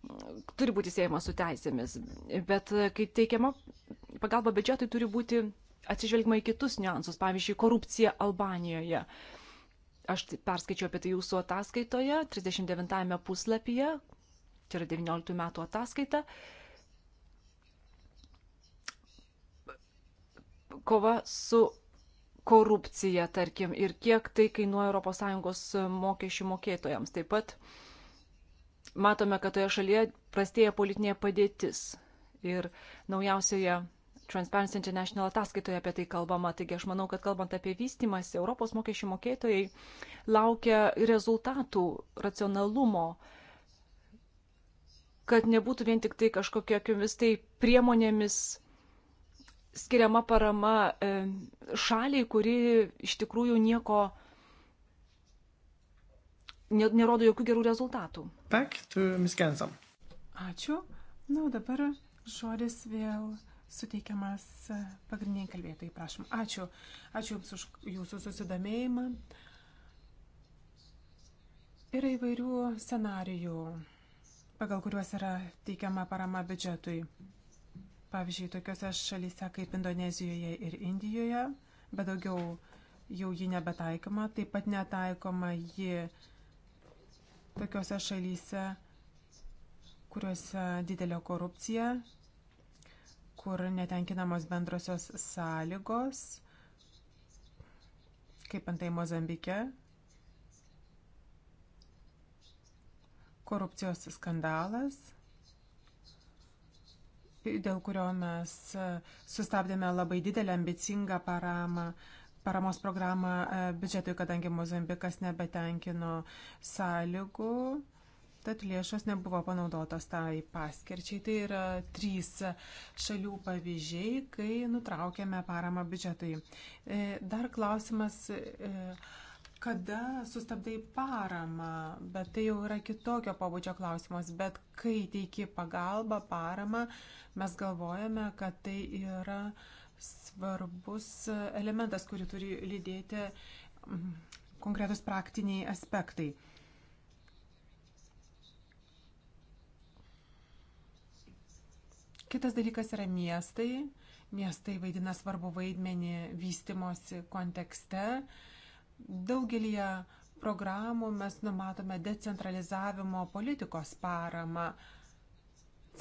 mm, turi būti siejamas su teisėmis. Bet e, kai teikiama pagalba biudžetui, turi būti atsižvelgima į kitus niuansus, pavyzdžiui, korupcija Albanijoje. Uh, Aš perskaičiau apie tai jūsų ataskaitoje, 39 puslapyje, čia yra 19 metų ataskaita. Kova su korupcija, tarkim, ir kiek tai kainuoja ES mokesčių mokėtojams. Taip pat matome, kad toje šalyje prastėja politinė padėtis. Ir naujausioje Transparency International ataskaitoje apie tai kalbama. Taigi aš manau, kad kalbant apie vystimąsi, Europos mokesčių mokėtojai laukia rezultatų racionalumo, kad nebūtų vien tik tai kažkokiamis tai priemonėmis skiriama parama e, šaliai, kuri iš tikrųjų nieko nerodo jokių gerų rezultatų. Back to Miss Gensam. Ačiū. Na, o dabar žodis vėl suteikiamas e, pagrindiniai kalbėtojai. Prašom. Ačiū. Ačiū Jums už Jūsų susidomėjimą. Yra įvairių scenarijų, pagal kuriuos yra teikiama parama biudžetui. Pavyzdžiui, tokiuose šalyse kaip Indonezijoje ir Indijoje, bet daugiau jau ji nebetaikoma, taip pat netaikoma ji tokiuose šalyse, kuriuose didelė korupcija kur netenkinamos bendrosios sąlygos, kaip antai Mozambike, korupcijos skandalas, dėl kurio mes sustabdėme labai didelę ambicingą paramą, paramos programą e, biudžetui, kadangi Mozambikas nebetenkino sąlygų tad lėšos nebuvo panaudotos tai paskirčiai. Tai yra trys šalių pavyzdžiai, kai nutraukėme paramą biudžetui. E, dar klausimas, e, kada sustabdai paramą, bet tai jau yra kitokio pabudžio klausimas, bet kai teiki pagalbą, paramą, mes galvojame, kad tai yra svarbus elementas, kurį turi lydėti konkretus praktiniai aspektai. Kitas dalykas yra miestai. Miestai vaidina svarbu vaidmenį vystimosi kontekste. Daugelį programų mes numatome decentralizavimo politikos paramą.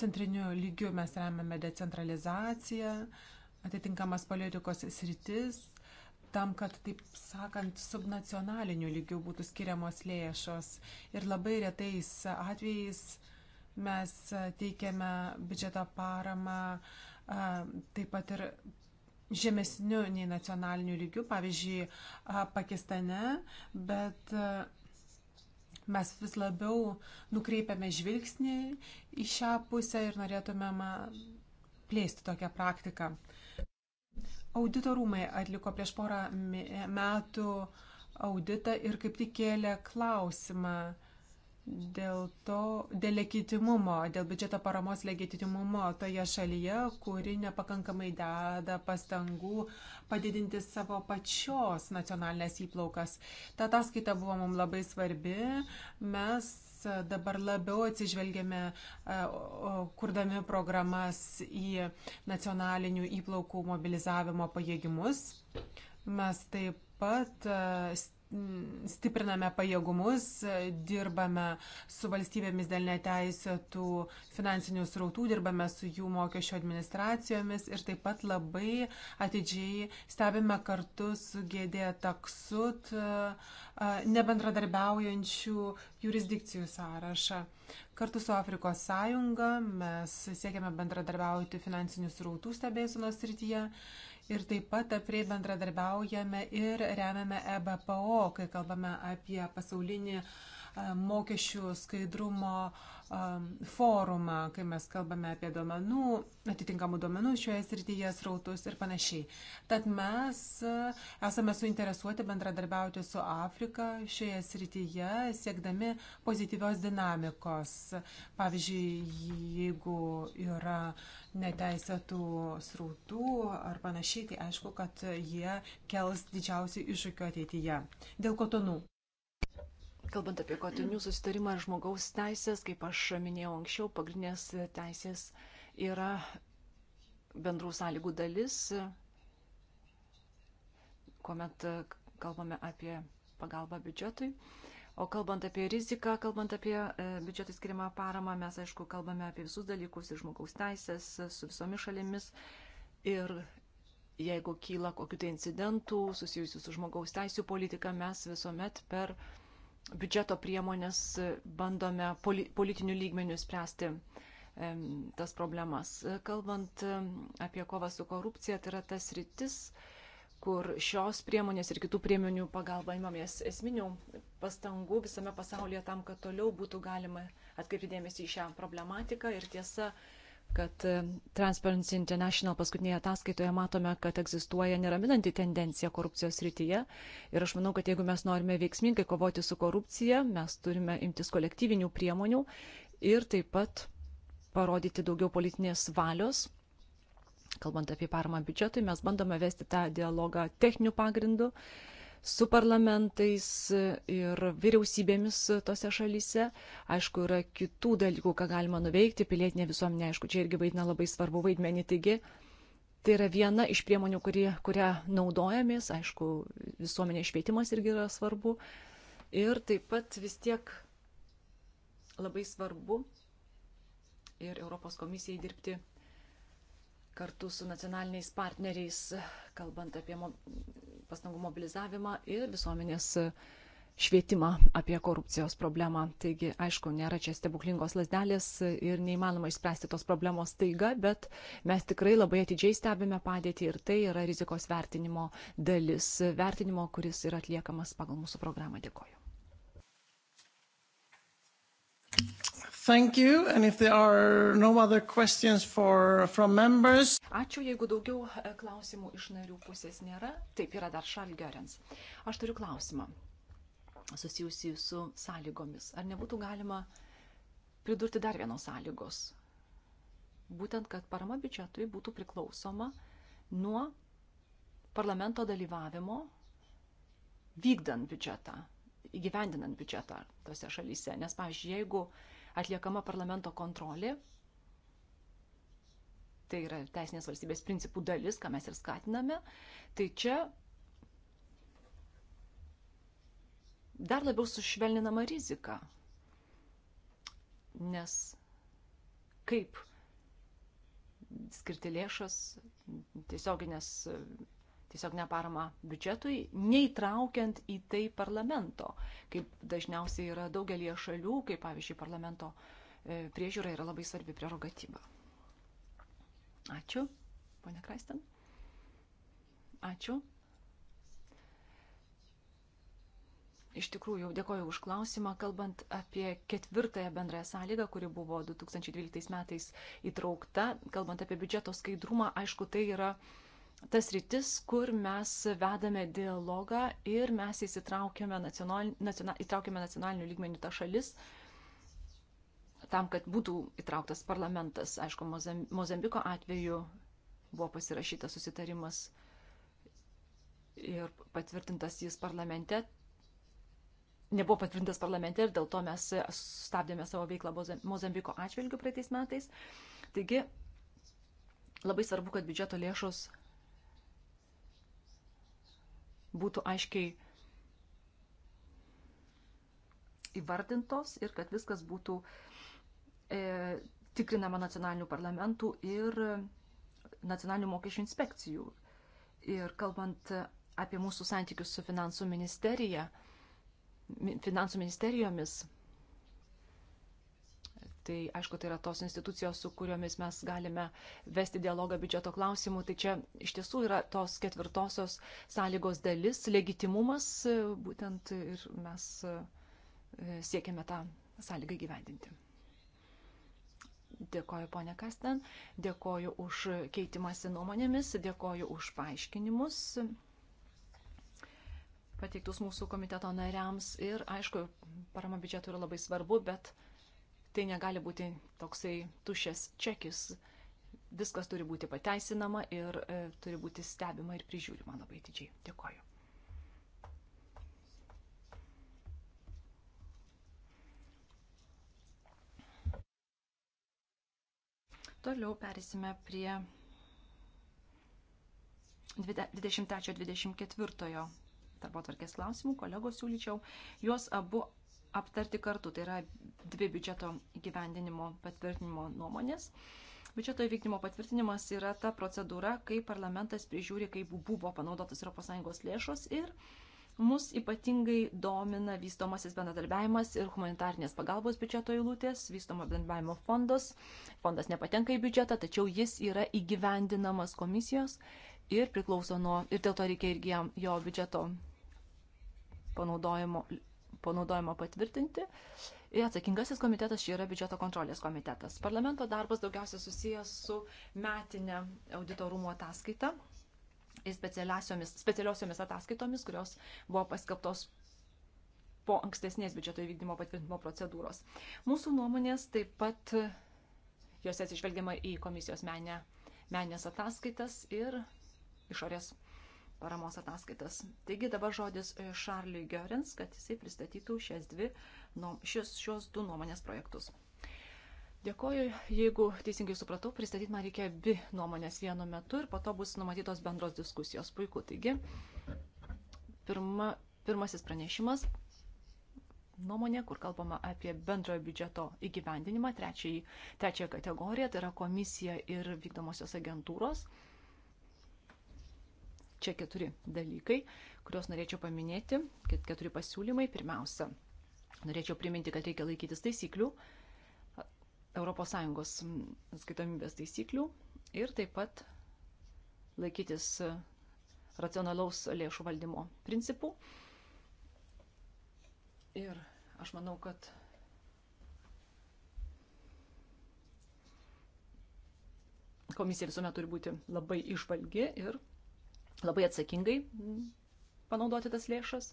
Centriniu lygiu mes remiame decentralizaciją, atitinkamas politikos sritis, tam, kad, taip sakant, subnacionaliniu lygiu būtų skiriamos lėšos. Ir labai retais atvejais Mes teikiame biudžeto paramą taip pat ir žemesniu nei nacionaliniu lygiu, pavyzdžiui, Pakistane, bet mes vis labiau nukreipiame žvilgsnį į šią pusę ir norėtumėm plėsti tokią praktiką. Audito rūmai atliko prieš porą metų auditą ir kaip tik kėlė klausimą dėl to, dėl legitimumo, dėl biudžeto paramos legitimumo toje šalyje, kuri nepakankamai deda pastangų padidinti savo pačios nacionalinės įplaukas. Ta ataskaita buvo mums labai svarbi. Mes dabar labiau atsižvelgiame, e, kurdami programas į nacionalinių įplaukų mobilizavimo pajėgimus. Mes taip pat e, Mm, stipriname pajėgumus, dirbame su valstybėmis dėl neteisėtų finansinių srautų, dirbame su jų mokesčio administracijomis ir taip pat labai atidžiai stebime kartu su GD taksut e, e, nebendradarbiaujančių jurisdikcijų sąrašą. Kartu su Afrikos sąjunga mes siekiame bendradarbiauti finansinių srautų stebėsinos srityje ir taip pat apriai bendradarbiaujame ir remiame EBPO, kai kalbame apie pasaulinį uh, E, mokesčių skaidrumo e, forumą, kai mes kalbame apie domenų, atitinkamų domenų šioje srityje srautus ir panašiai. Tad mes e, esame suinteresuoti bendradarbiauti su Afrika šioje srityje, siekdami pozityvios dinamikos. Pavyzdžiui, jeigu yra neteisėtų srautų ar panašiai, tai aišku, kad jie kels didžiausių iššūkių ateityje. Dėl kotonų. Kalbant apie kotinių susitarimą ir žmogaus teisės, kaip aš minėjau anksčiau, pagrindinės teisės yra bendrų sąlygų dalis, kuomet kalbame apie pagalbą biudžetui. O kalbant apie riziką, kalbant apie e, biudžetui skiriamą paramą, mes aišku kalbame apie visus dalykus ir žmogaus teisės su visomis šalimis. Ir jeigu kyla kokiu tai incidentų susijusių su žmogaus teisų politika, mes visuomet per uh, biudžeto priemonės bandome politinių lygmenių spręsti tas problemas. Kalbant apie kovą su korupcija, tai yra tas rytis, kur šios priemonės ir kitų priemonių pagalba imamės esminių pastangų visame pasaulyje tam, kad toliau būtų galima atkreipti dėmesį į šią problematiką. Ir tiesa, kad e, Transparency International paskutinėje ataskaitoje matome, kad egzistuoja neraminanti tendencija korupcijos rytyje. Ir aš manau, kad jeigu mes norime veiksmingai kovoti su korupcija, mes turime imtis kolektyvinių priemonių ir taip pat parodyti daugiau politinės valios. Kalbant apie paramą biudžetui, mes bandome vesti tą dialogą techninių pagrindų su parlamentais ir vyriausybėmis tose šalyse. Aišku, yra kitų dalykų, ką galima nuveikti, pilietinė visuomenė, aišku, čia irgi vaidina labai svarbu vaidmenį. Taigi, tai yra viena iš priemonių, kuri, kurią naudojamės, aišku, visuomenė švietimas irgi yra svarbu. Ir taip pat vis tiek labai svarbu ir Europos komisijai dirbti kartu su nacionaliniais partneriais, kalbant apie mo pastangų mobilizavimą ir visuomenės švietimą apie korupcijos problemą. Taigi, aišku, nėra čia stebuklingos lasdelės ir neįmanoma išspręsti tos problemos taiga, bet mes tikrai labai atidžiai stebime padėtį ir tai yra rizikos vertinimo dalis, vertinimo, kuris yra atliekamas pagal mūsų programą. Dėkoju. Thank you. And if there are no other questions for, from members. Ačiū, jeigu daugiau e, klausimų iš narių pusės nėra. Taip, yra dar Šarl Gerens. Aš turiu klausimą susijusi su sąlygomis. Ar nebūtų galima pridurti dar vienos sąlygos? Būtent, kad parama biudžetui būtų priklausoma nuo parlamento dalyvavimo vykdant biudžetą, įgyvendinant biudžetą tose šalyse. Nes, pavyzdžiui, jeigu uh, atliekama parlamento kontrolė. Tai yra teisinės valstybės principų dalis, ką mes ir skatiname. Tai čia dar labiau sušvelninama rizika. Nes kaip skirti lėšas, tiesioginės tiesiog neparama biudžetui, neįtraukiant į tai parlamento, kaip dažniausiai yra daugelie šalių, kaip pavyzdžiui parlamento e, priežiūra yra labai svarbi prerogatyva. Ačiū, ponia Kraisten. Ačiū. Iš tikrųjų, dėkoju už klausimą, kalbant apie ketvirtąją bendrąją sąlygą, kuri buvo 2012 metais įtraukta. Kalbant apie biudžeto skaidrumą, aišku, tai yra uh, tas rytis, kur mes vedame dialogą ir mes įsitraukiame, nacional, nacional, įtraukiame nacionalinių lygmenių tą šalis, tam, kad būtų įtrauktas parlamentas. Aišku, Mozambiko atveju buvo pasirašytas susitarimas ir patvirtintas jis parlamente. Nebuvo patvirtintas parlamente ir dėl to mes stabdėme savo veiklą Mozambiko atžvilgių praeitais metais. Taigi, labai svarbu, kad biudžeto lėšos būtų aiškiai įvardintos ir kad viskas būtų e, tikrinama nacionalinių parlamentų ir nacionalinių mokesčių inspekcijų. Ir kalbant apie mūsų santykius su finansų ministerija, finansų ministerijomis, Tai aišku, tai yra tos institucijos, su kuriomis mes galime vesti dialogą biudžeto klausimų. Tai čia iš tiesų yra tos ketvirtosios sąlygos dalis, legitimumas, būtent ir mes e, siekiame tą sąlygą gyvendinti. Dėkoju, ponė Kasten, dėkoju už keitimąsi nuomonėmis, dėkoju už paaiškinimus pateiktus mūsų komiteto nariams ir, aišku, parama biudžetu yra labai svarbu, bet tai negali būti toksai tušės čekis. Viskas turi būti pateisinama ir e, turi būti stebima ir prižiūrima labai didžiai. Dėkoju. Toliau perėsime prie 23-24 darbo tvarkės klausimų. Kolegos siūlyčiau juos abu aptarti kartu. Tai yra dvi biudžeto gyvendinimo patvirtinimo nuomonės. Biudžeto įvykdymo patvirtinimas yra ta procedūra, kai parlamentas prižiūri, kaip buvo panaudotas ES lėšos ir mus ypatingai domina vystomasis bendradarbiavimas ir humanitarnės pagalbos biudžeto eilutės, vystomo bendradarbiavimo fondos. Fondas nepatenka į biudžetą, tačiau jis yra įgyvendinamas komisijos ir priklauso nuo, ir dėl to reikia irgi jo biudžeto panaudojimo panaudojimo patvirtinti. Ir atsakingasis komitetas čia yra biudžeto kontrolės komitetas. Parlamento darbas daugiausia susijęs su metinė auditorumo ataskaita ir specialiosiomis ataskaitomis, kurios buvo paskaptos po ankstesnės biudžeto įvykdymo patvirtinimo procedūros. Mūsų nuomonės taip pat juose atsižvelgiama į komisijos menę, menės ataskaitas ir išorės paramos ataskaitas. Taigi dabar žodis Šarliui Görins, kad jisai pristatytų šias dvi, šios, šios du nuomonės projektus. Dėkoju, jeigu teisingai supratau, pristatyti man reikia abi nuomonės vienu metu ir po to bus numatytos bendros diskusijos. Puiku, taigi pirma, pirmasis pranešimas nuomonė, kur kalbama apie bendrojo biudžeto įgyvendinimą, trečiąją kategoriją, tai yra komisija ir vykdomosios agentūros. Uh, čia keturi dalykai, kuriuos norėčiau paminėti, keturi pasiūlymai. Pirmiausia, norėčiau priminti, kad reikia laikytis taisyklių, ES mm, atskaitomybės taisyklių ir taip pat laikytis e, racionalaus lėšų valdymo principų. Ir aš manau, kad komisija visuomet turi būti labai išvalgi ir labai atsakingai panaudoti tas lėšas,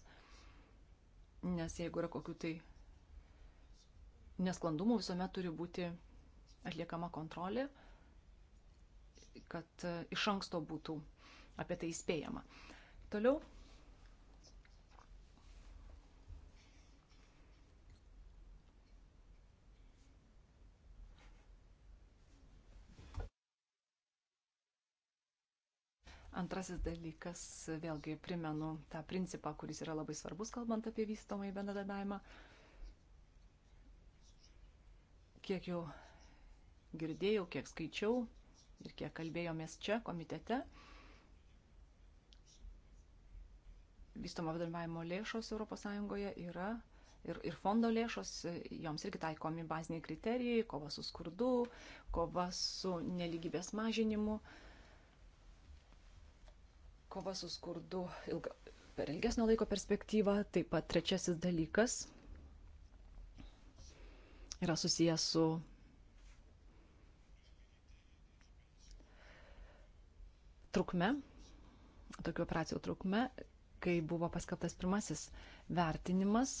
nes jeigu yra kokių tai nesklandumų, visuomet turi būti atliekama kontrolė, kad e, iš anksto būtų apie tai įspėjama. Toliau Antrasis dalykas, vėlgi primenu tą principą, kuris yra labai svarbus, kalbant apie vystomą į bendradarbiavimą. Kiek jau girdėjau, kiek skaičiau ir kiek kalbėjomės čia komitete, vystomo bendradarbiavimo lėšos ES yra ir, ir fondo lėšos, joms irgi taikomi baziniai kriterijai, kova su skurdu, kova su neligybės mažinimu. Uh, kova su skurdu ilga, per ilgesnio laiko perspektyvą. Taip pat trečiasis dalykas yra susijęs su trukme, tokių operacijų trukme, kai buvo paskelbtas pirmasis vertinimas.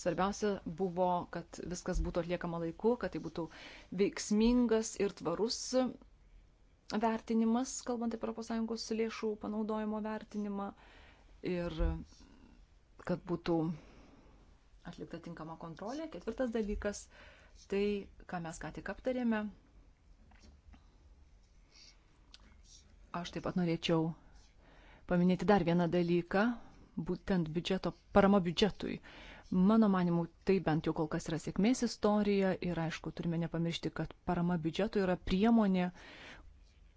Svarbiausia buvo, kad viskas būtų atliekama laiku, kad tai būtų veiksmingas ir tvarus vertinimas, kalbant apie ES lėšų panaudojimo vertinimą ir kad būtų atlikta tinkama kontrolė. Ketvirtas dalykas - tai, ką mes ką tik aptarėme. Aš taip pat norėčiau paminėti dar vieną dalyką, būtent biudžeto, parama biudžetui. Mano manimu, tai bent jau kol kas yra sėkmės istorija ir aišku, turime nepamiršti, kad parama biudžetui yra priemonė, uh,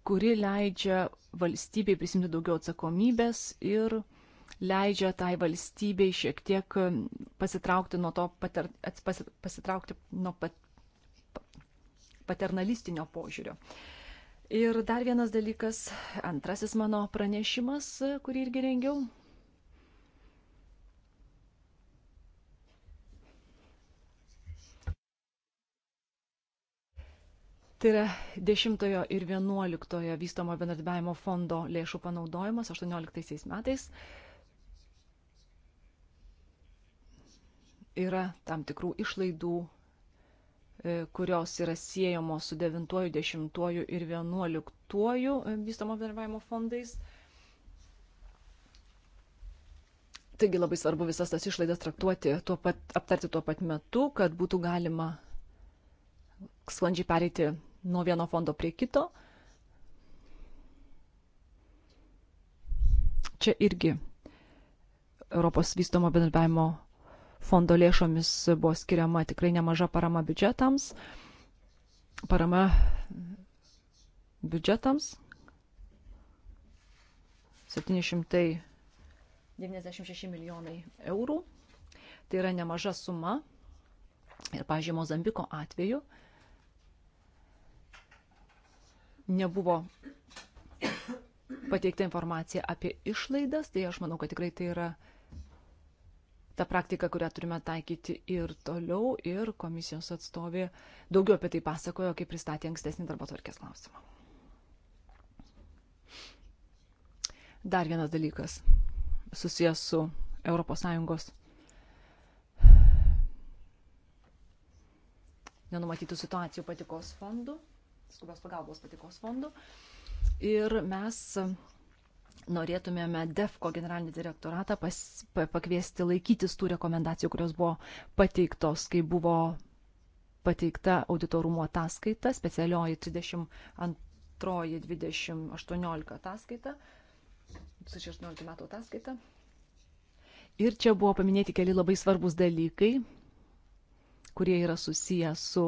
kuri leidžia valstybei prisimti daugiau atsakomybės ir leidžia tai valstybei šiek tiek um, pasitraukti nuo to pater, pas, pasitraukti nuo pat, paternalistinio požiūrio. Ir dar vienas dalykas, antrasis mano pranešimas, kurį irgi rengiau, Tai yra 10 ir 11 vystomo bendradarbiavimo fondo lėšų panaudojimas 18 metais. Yra tam tikrų išlaidų, e, kurios yra siejamos su 9, 10 ir 11 e, vystomo bendradarbiavimo fondais. Taigi labai svarbu visas tas išlaidas traktuoti, tuo pat, aptarti tuo pat metu, kad būtų galima sklandžiai pereiti nuo vieno fondo prie kito. Čia irgi Europos vystomo bendradarbiavimo fondo lėšomis buvo skiriama tikrai nemaža parama biudžetams. Parama biudžetams 796 milijonai eurų. Tai yra nemaža suma. Ir, pažiūrėjau, Mozambiko atveju nebuvo pateikta informacija apie išlaidas, tai aš manau, kad tikrai tai yra ta praktika, kurią turime taikyti ir toliau. Ir komisijos atstovė daugiau apie tai pasakojo, kai pristatė ankstesnį darbo tvarkės klausimą. Dar vienas dalykas susijęs su ES nenumatytų situacijų patikos fondu skubios pagalbos patikos fondu. Ir mes norėtumėme DEFCO generalinį direktoratą pas, pa, pakviesti laikytis tų rekomendacijų, kurios buvo pateiktos, kai buvo pateikta auditorumo ataskaita, specialioji 32-2018 ataskaita, 2018 metų ataskaita. Ir čia buvo paminėti keli labai svarbus dalykai, kurie yra susiję su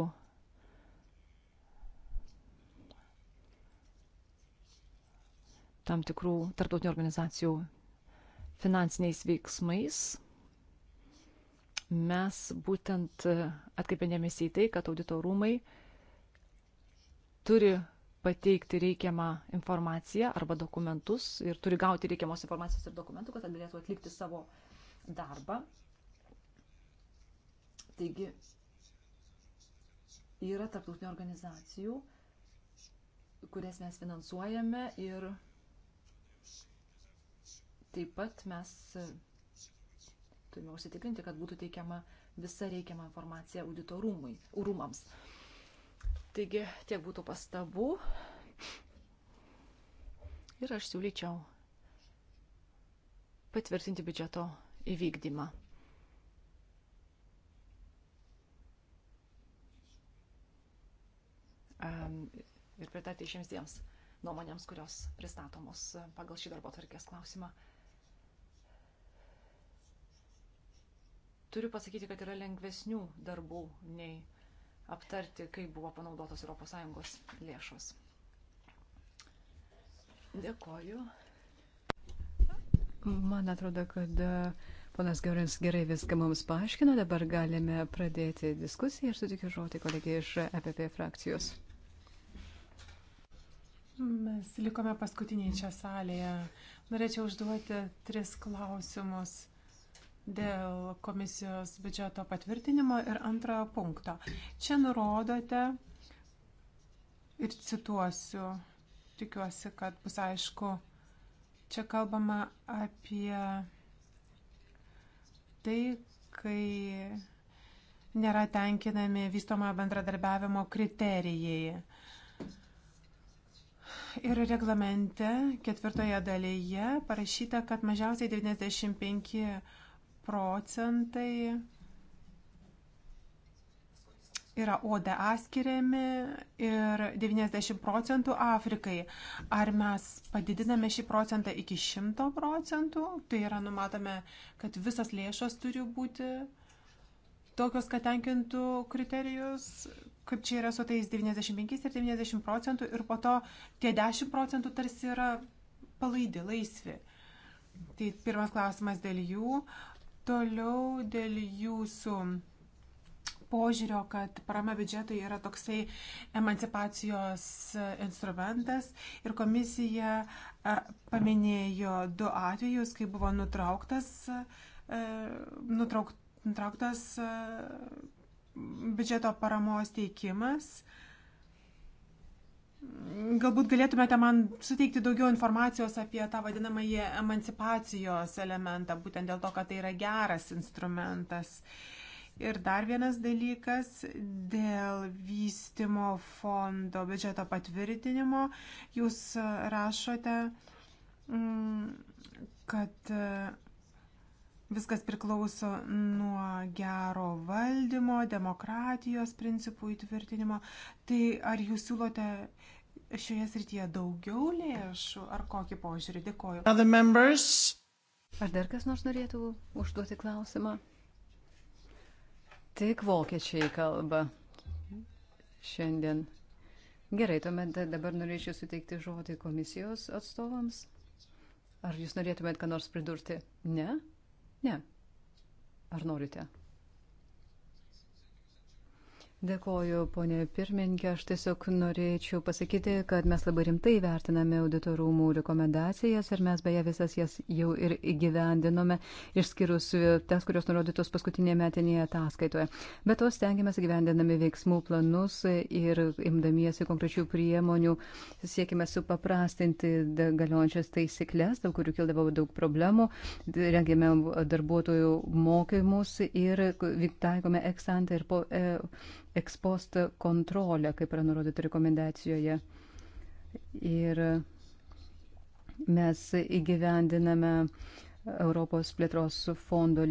tam tikrų tarptautinių organizacijų finansiniais veiksmais, mes būtent e, atkreipėmėsi į tai, kad audito rūmai turi pateikti reikiamą informaciją arba dokumentus ir turi gauti reikiamos informacijos ir dokumentų, kad galėtų atlikti savo darbą. Taigi yra tarptautinių organizacijų, kurias mes finansuojame ir Taip pat mes turime užsitikrinti, kad būtų teikiama visa reikiama informacija auditorumui, rūmams. Taigi tiek būtų pastabų. Ir aš siūlyčiau patvirtinti biudžeto įvykdymą. Ir pritarti šiems dviems nuomonėms, kurios pristatomos pagal šį darbo tvarkės klausimą. Turiu pasakyti, kad yra lengvesnių darbų nei aptarti, kaip buvo panaudotos ES lėšos. Dėkoju. Man atrodo, kad e, ponas Gaurins gerai viską mums paaiškino, dabar galime pradėti diskusiją ir sutikiu žodį kolegiai iš EPP frakcijos. Mes likome paskutiniai čia salėje. Norėčiau užduoti tris klausimus dėl komisijos biudžeto patvirtinimo ir antrojo punkto. Čia nurodote ir cituosiu, tikiuosi, kad bus aišku, čia kalbama apie tai, kai nėra tenkinami vystomo bendradarbiavimo kriterijai. Ir reglamente ketvirtoje dalyje parašyta, kad mažiausiai 95 procentai yra ODA skiriami ir 90 procentų Afrikai. Ar mes padidiname šį procentą iki 100 procentų? Tai yra numatome, kad visas lėšos turi būti tokios, kad tenkintų kriterijus, kaip čia yra su tais 95 ir 90 procentų ir po to tie 10 procentų tarsi yra palaidi, laisvi. Tai pirmas klausimas dėl jų. Uh, Toliau dėl jūsų požiūrio, kad parama biudžetai yra toksai emancipacijos instrumentas ir komisija paminėjo du atvejus, kai buvo nutrauktas, nutrauk, nutrauktas biudžeto paramos teikimas. Galbūt galėtumėte man suteikti daugiau informacijos apie tą vadinamąjį emancipacijos elementą, būtent dėl to, kad tai yra geras instrumentas. Ir dar vienas dalykas dėl vystimo fondo biudžeto patvirtinimo. Jūs rašote, mm, kad e, viskas priklauso nuo gero valdymo, demokratijos principų įtvirtinimo. Tai ar jūs siūlote šioje srityje daugiau lėšų ar kokį požiūrį? Dėkoju. Ar dar kas nors norėtų užduoti klausimą? Tik vokiečiai kalba šiandien. Gerai, tuomet dabar norėčiau suteikti žodį komisijos atstovams. Ar jūs norėtumėt ką nors pridurti? Ne? Ne. Ar norite? Dėkoju, ponė pirmininkė. Aš tiesiog norėčiau pasakyti, kad mes labai rimtai vertiname auditorumų rekomendacijas ir mes beje visas jas jau ir įgyvendinome, išskyrus tas, kurios nurodytos paskutinėje metinėje ataskaitoje. Bet to stengiamės įgyvendinami veiksmų planus ir imdamiesi konkrečių priemonių siekime supaprastinti galiojančias taisyklės, dėl kurių kildavo daug problemų, rengėme darbuotojų mokymus ir taikome eksantą ir po. E, ekspost kontrolę, kaip yra nurodyta rekomendacijoje. Ir mes įgyvendiname Europos plėtros fondo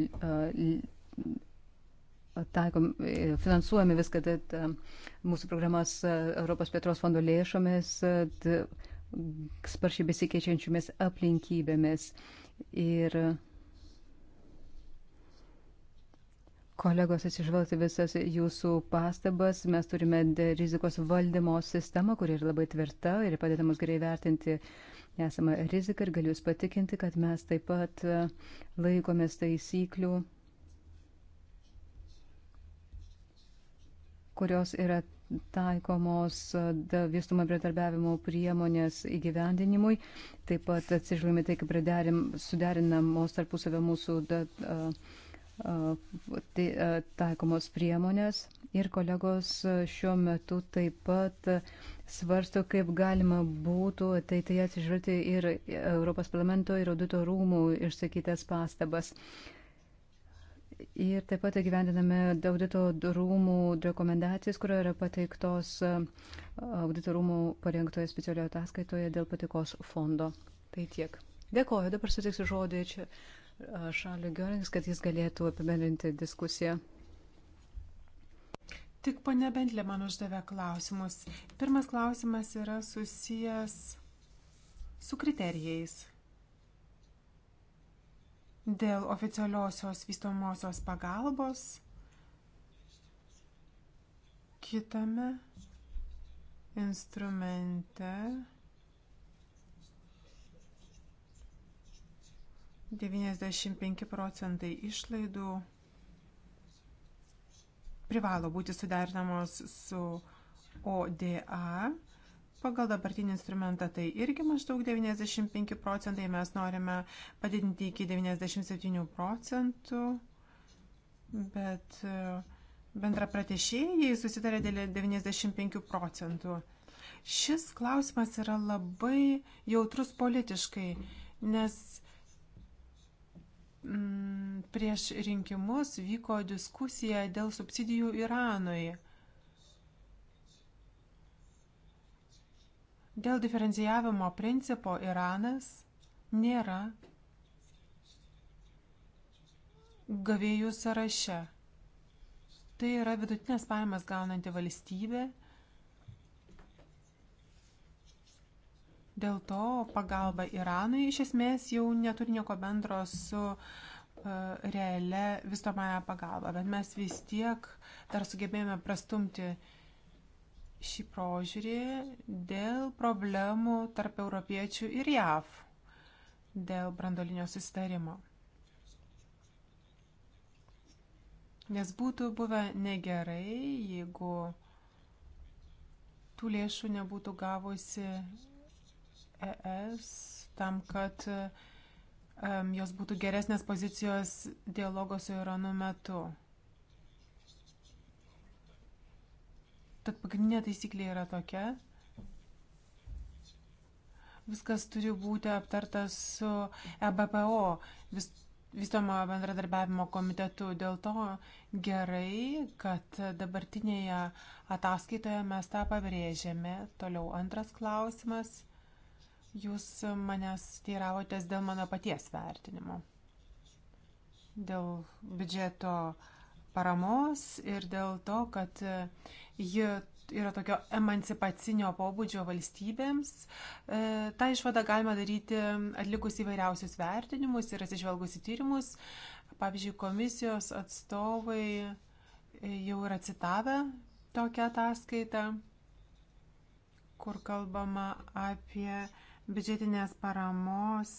taikom, e, finansuojame viską, tad mūsų programas Europos plėtros fondo lėšomis, sparčiai besikeičiančiomis aplinkybėmis. Ir Kolegos, atsižvelgti visas jūsų pastabas, mes turime rizikos valdymo sistemą, kuri yra labai tvirta ir padeda mums gerai vertinti esamą riziką ir galiu jūs patikinti, kad mes taip pat e, laikomės taisyklių, kurios yra taikomos e, vystumo bendradarbiavimo priemonės įgyvendinimui. Taip pat atsižvelgime tai, kaip suderinamos tarpusavio mūsų da, a, e, Tai, e, taikomos priemonės ir kolegos e, šiuo metu taip pat e, svarsto, kaip galima būtų ateityje atsižvelgti ir Europos parlamento ir audito rūmų išsakytas pastabas. Ir taip pat gyvendiname audito rūmų rekomendacijas, kurio yra pateiktos audito rūmų parengtoje specialioje ataskaitoje dėl patikos fondo. Tai tiek. Dėkoju, dabar sutiksiu žodį čia Šarliu Görings, kad jis galėtų apibendrinti diskusiją. Tik ponia Bentlė man uždavė klausimus. Pirmas klausimas yra susijęs su kriterijais dėl oficialiosios vystomosios pagalbos. Kitame instrumente 95 procentai išlaidų privalo būti suderinamos su ODA. Pagal dabartinį instrumentą tai irgi maždaug 95 procentai mes norime padidinti iki 97 procentų, bet e, bendra pratešėjai susitarė dėl 95 procentų. Šis klausimas yra labai jautrus politiškai, nes Prieš rinkimus vyko diskusija dėl subsidijų Iranui. Dėl diferencijavimo principo Iranas nėra gavėjų sąraše. Tai yra vidutinės pajamas gaunanti valstybė. Dėl to pagalba Iranui iš esmės jau neturi nieko bendro su uh, E, realią vystomąją pagalbą, bet mes vis tiek dar sugebėjome prastumti šį prožiūrį dėl problemų tarp europiečių ir JAV dėl brandolinio susitarimo. Nes būtų buvę negerai, jeigu tų lėšų nebūtų gavusi ES tam, kad uh, jos būtų geresnės pozicijos dialogo su Iranu metu. Tad pagrindinė taisyklė yra tokia. Viskas turi būti aptarta su EBPO, vis, vystomo bendradarbiavimo komitetu. Dėl to gerai, kad dabartinėje ataskaitoje mes tą pabrėžėme. Toliau antras klausimas Jūs manęs teiravotės dėl mano paties vertinimo, dėl biudžeto paramos ir dėl to, kad ji yra tokio emancipacinio pobūdžio valstybėms. E, tą išvadą galima daryti atlikus įvairiausius vertinimus ir atsižvelgus į tyrimus. Pavyzdžiui, komisijos atstovai jau yra citavę tokią ataskaitą, kur kalbama apie biudžetinės paramos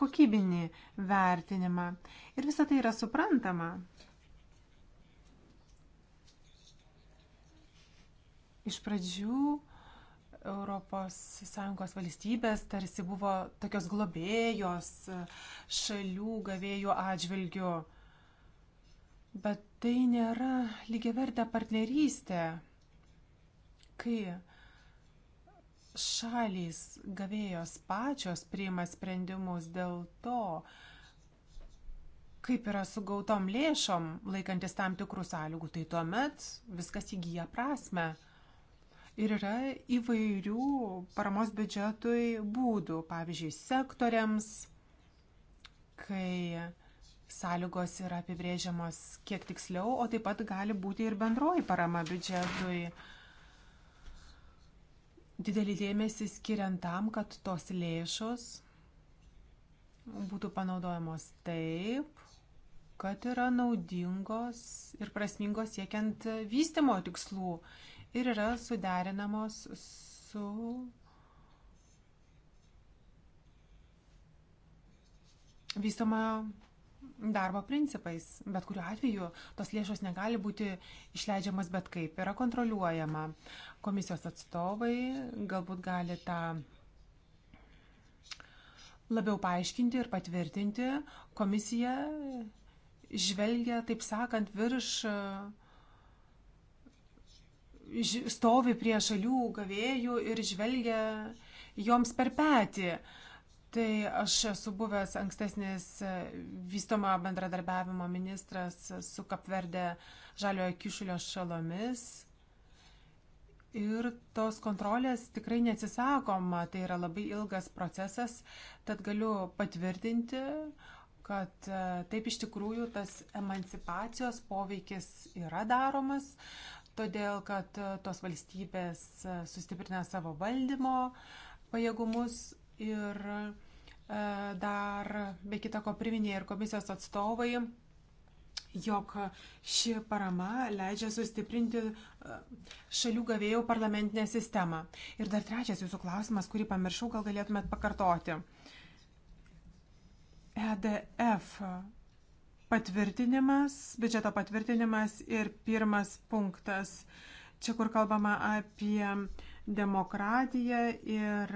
kokybinį vertinimą. Ir visą tai yra suprantama. Iš pradžių ES valstybės tarsi buvo tokios globėjos šalių gavėjų atžvilgių. Bet tai nėra lygiavertė partnerystė kai šalys gavėjos pačios priima sprendimus dėl to, kaip yra su gautom lėšom, laikantis tam tikrų sąlygų, tai tuomet viskas įgyja prasme. Ir yra įvairių paramos biudžetui būdų, pavyzdžiui, sektoriams, kai sąlygos yra apibrėžiamos kiek tiksliau, o taip pat gali būti ir bendroji parama biudžetui. Uh, didelį dėmesį skiriant tam, kad tos lėšos būtų panaudojamos taip, kad yra naudingos ir prasmingos siekiant vystimo tikslų ir yra suderinamos su vystomojo darbo principais. Bet kuriuo atveju tos lėšos negali būti išleidžiamas bet kaip, yra kontroliuojama. Komisijos atstovai galbūt gali tą labiau paaiškinti ir patvirtinti. Komisija žvelgia, taip sakant, virš stovi prie šalių gavėjų ir žvelgia joms per petį. Uh, Tai aš esu buvęs ankstesnis e, vystoma bendradarbiavimo ministras su Kapverde žaliojo kišulio šalomis. Ir tos kontrolės tikrai neatsisakoma, tai yra labai ilgas procesas, tad galiu patvirtinti, kad e, taip iš tikrųjų tas emancipacijos poveikis yra daromas, todėl kad e, tos valstybės sustiprina savo valdymo pajėgumus ir e, dar be kita ko priminė ir komisijos atstovai, jog ši parama leidžia sustiprinti e, šalių gavėjų parlamentinę sistemą. Ir dar trečias jūsų klausimas, kurį pamiršau, gal galėtumėt pakartoti. EDF patvirtinimas, biudžeto patvirtinimas ir pirmas punktas. Čia kur kalbama apie demokratiją ir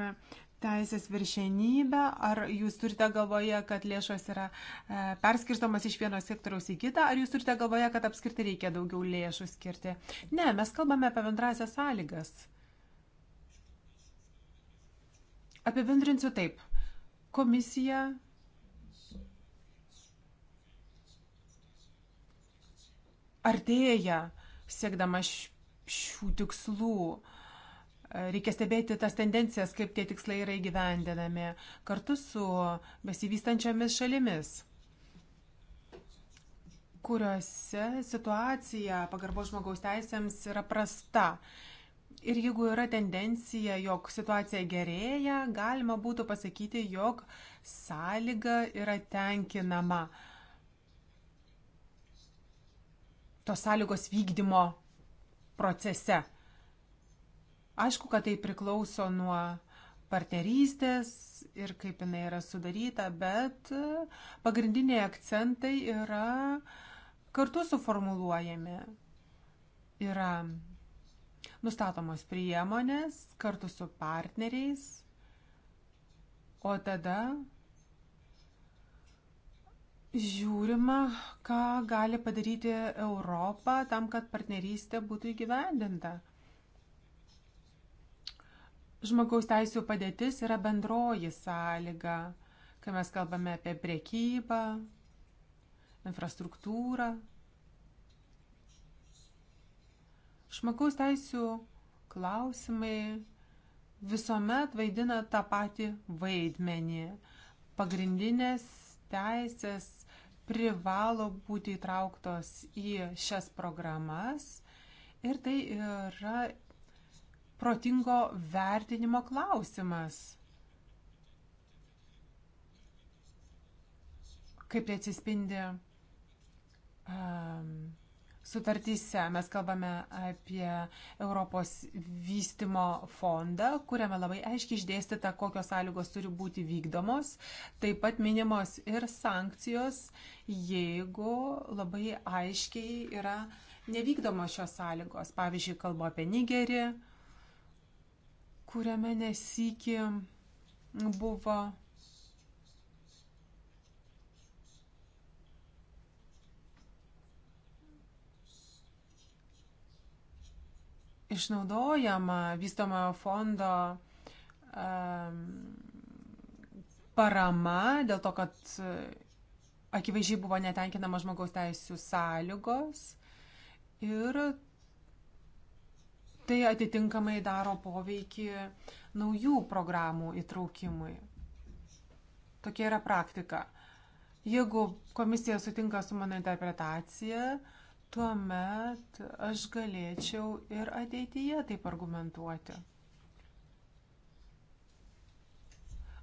teisės viršenybę, ar jūs turite galvoje, kad lėšos yra e, perskirstomas iš vieno sektoriaus į kitą, ar jūs turite galvoje, kad apskritai reikia daugiau lėšų skirti? Ne, mes kalbame apie bendrasias sąlygas. Apibendrinsiu taip. Komisija artėja siekdama šių tikslų Reikia stebėti tas tendencijas, kaip tie tikslai yra įgyvendinami kartu su besivystančiomis šalimis, kuriuose situacija pagarbo žmogaus teisėms yra prasta. Ir jeigu yra tendencija, jog situacija gerėja, galima būtų pasakyti, jog sąlyga yra tenkinama. Tos sąlygos vykdymo procese. Aišku, kad tai priklauso nuo partnerystės ir kaip jinai yra sudaryta, bet e, pagrindiniai akcentai yra kartu suformuluojami. Yra nustatomos priemonės kartu su partneriais, o tada žiūrima, ką gali padaryti Europą tam, kad partnerystė būtų įgyvendinta. Žmogaus teisų padėtis yra bendroji sąlyga, kai mes kalbame apie priekybą, infrastruktūrą. Žmogaus teisų klausimai visuomet vaidina tą patį vaidmenį. Pagrindinės teisės privalo būti įtrauktos į šias programas ir tai yra protingo vertinimo klausimas. Kaip tai atsispindi um, sutartyse? Mes kalbame apie Europos vystimo fondą, kuriame labai aiškiai išdėstyta, kokios sąlygos turi būti vykdomos. Taip pat minimos ir sankcijos, jeigu labai aiškiai yra nevykdomos šios sąlygos. Pavyzdžiui, kalbu apie Nigerį kuriame nesikė buvo išnaudojama vystomojo fondo um, parama dėl to, kad akivaizdžiai buvo netenkinama žmogaus teisų sąlygos ir Tai atitinkamai daro poveikį naujų programų įtraukimui. Tokia yra praktika. Jeigu komisija sutinka su mano interpretacija, tuomet aš galėčiau ir ateityje taip argumentuoti.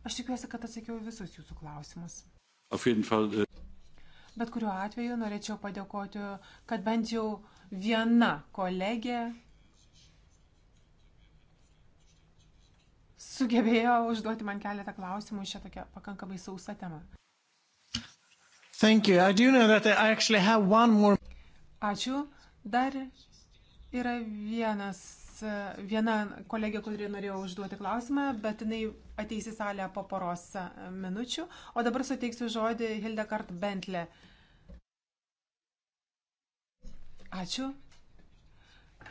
Aš tikiuosi, kad atsakiau visus jūsų klausimus. Äh, Bet kuriuo atveju norėčiau padėkoti, kad bent jau viena kolegė sugebėjo užduoti man keletą klausimų šią tokią pakankamai sausą temą. More... Ačiū. Dar yra vienas, viena kolegė, kuri norėjo užduoti klausimą, bet jinai ateis į salę po poros minučių. O dabar suteiksiu žodį Hildekart Bentlė. Ačiū.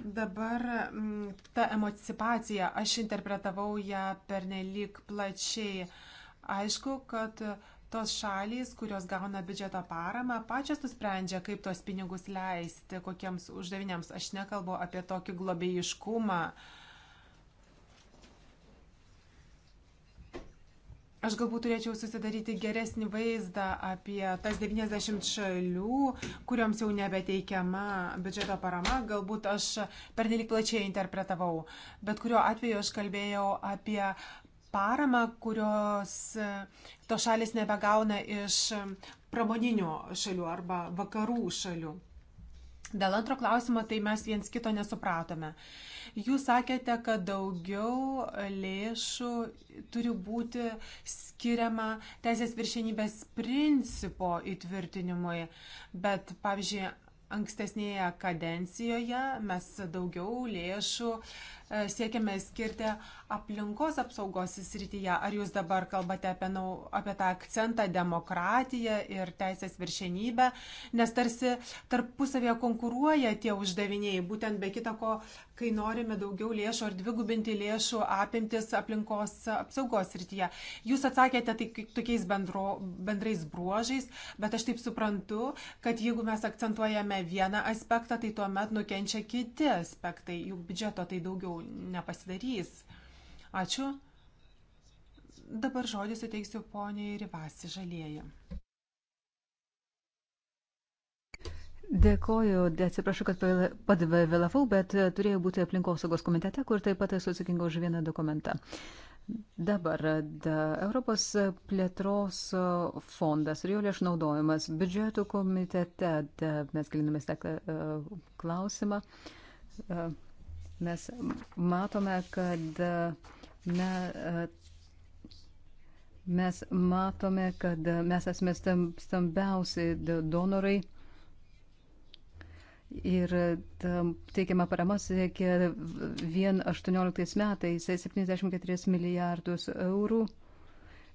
Dabar mm, ta emancipacija, aš interpretavau ją pernelyg plačiai. Aišku, kad tos šalys, kurios gauna biudžeto paramą, pačios nusprendžia, kaip tos pinigus leisti, kokiems uždaviniams. Aš nekalbu apie tokį globėjiškumą. Uh, Aš galbūt turėčiau susidaryti geresnį vaizdą apie tas 90 šalių, kuriuoms jau nebeteikiama biudžeto parama. Galbūt aš pernelik plačiai interpretavau. Bet kuriuo atveju aš kalbėjau apie paramą, kurios e, to šalis nebegauna iš e, pramoninių šalių arba vakarų šalių. Dėl antro klausimo, tai mes viens kito nesupratome. Jūs sakėte, kad daugiau lėšų turi būti skiriama teisės viršenybės principo įtvirtinimui, bet, pavyzdžiui, ankstesnėje kadencijoje mes daugiau lėšų uh, E, siekiame skirti aplinkos apsaugos srityje. Ar jūs dabar kalbate apie, nau, apie tą akcentą demokratiją ir teisės viršenybę, nes tarsi tarpusavėje konkuruoja tie uždaviniai, būtent be kita ko, kai norime daugiau lėšų ar dvigubinti lėšų apimtis aplinkos apsaugos srityje. Jūs atsakėte tai tokiais bendro, bendrais bruožais, bet aš taip suprantu, kad jeigu mes akcentuojame vieną aspektą, tai tuomet nukenčia kiti aspektai, juk biudžeto tai daugiau nepasidarys. Ačiū. Dabar žodį suteiksiu poniai Rivasi Žalieji. Dėkoju, atsiprašau, kad padvėlavau, bet turėjau būti aplinkosaugos komitete, kur taip pat esu atsakinga už vieną dokumentą. Dabar da, Europos plėtros fondas ir jo lėšų naudojimas biudžeto komitete, da, mes gilinamės tą e, klausimą. Da, e, mes matome, kad na, mes matome, kad mes esame stambiausi donorai. Ir teikiama parama siekia vien 18 metais 74 milijardus eurų.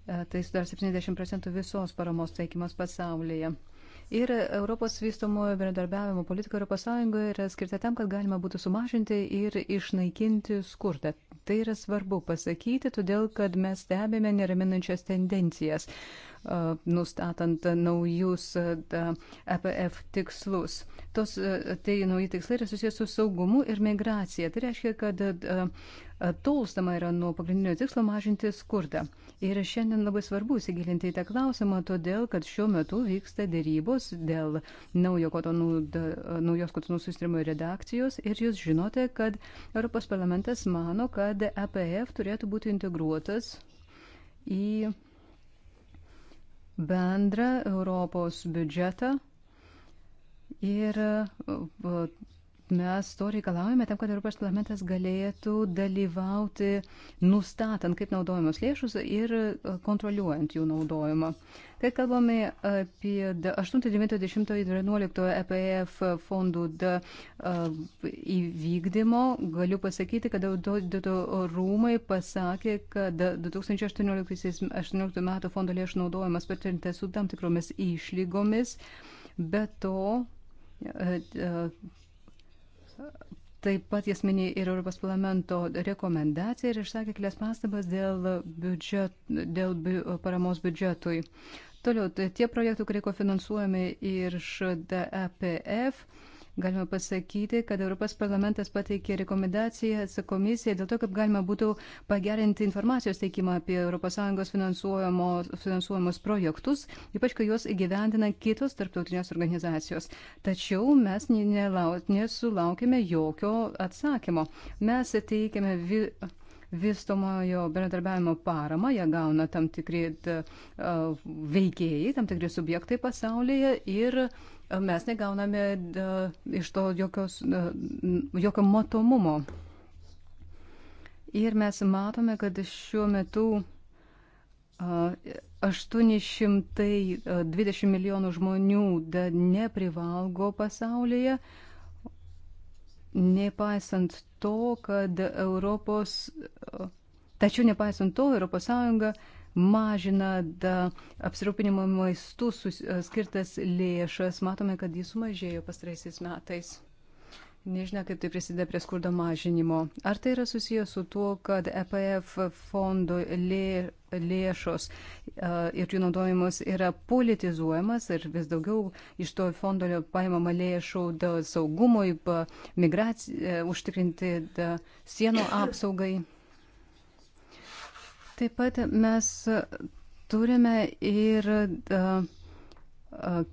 E, tai sudaro 70 procentų visos paramos teikimas pasaulyje. Ir Europos vystomojo bendradarbiavimo politika ES yra skirta tam, kad galima būtų sumažinti ir išnaikinti skurdą. Tai yra svarbu pasakyti, todėl kad mes stebime neraminančias tendencijas nustatant naujus EPF tikslus. Tos, tai nauji tikslai yra susijęs su saugumu ir migracija. Tai reiškia, kad tolstama yra nuo pagrindinio tikslo mažinti skurdą. Ir šiandien labai svarbu įsigilinti į tą klausimą, todėl kad šiuo metu vyksta dėrybos dėl naujo kotonų, naujos kotonų sustrimo redakcijos ir jūs žinote, kad Europos parlamentas mano, kad EPF turėtų būti integruotas į bendrą Europos biudžetą ir uh, mes to reikalaujame tam, kad Europos parlamentas galėtų dalyvauti nustatant, kaip naudojamos lėšus ir e, kontroliuojant jų naudojimą. Kai kalbame apie 8, 9, 10 ir 11 EPF fondų e, įvykdymo, galiu pasakyti, kad audito rūmai pasakė, kad 2018 m. fondo lėšų naudojimas patvirtintas su tam tikromis išlygomis. Be to, e, Taip pat jis minėjo ir Europos parlamento rekomendaciją ir išsakė kelias pastabas dėl, biudžet, dėl bi, paramos biudžetui. Toliau, tie projektai, kurie kofinansuojami iš DAPF, e galima pasakyti, kad Europos parlamentas pateikė rekomendacijas komisijai dėl to, kaip galima būtų pagerinti informacijos teikimą apie ES finansuojamus projektus, ypač kai juos įgyvendina kitos tarptautinės organizacijos. Tačiau mes nesulaukime jokio atsakymo. Mes teikėme. Vi vystomojo bendradarbiavimo paramą, ją gauna tam tikri uh, veikėjai, tam tikri subjektai pasaulyje ir uh, mes negauname e, iš to jokios, e, jokio matomumo. Ir mes matome, kad šiuo metu 820 e, milijonų žmonių neprivalgo pasaulyje, nepaisant to, kad Europos, tačiau nepaisant to, ES mažina apsirūpinimo maistų skirtas lėšas. Matome, kad jis sumažėjo pastaraisiais metais. Nežinia, kaip tai prisideda prie skurdo mažinimo. Ar tai yra susijęs su tuo, kad EPF fondo lė, lėšos uh, ir jų naudojimas yra politizuojamas ir vis daugiau iš to fondo paimama lėšų saugumui, migracijai, uh, e, užtikrinti da, sienų apsaugai? Taip pat mes turime ir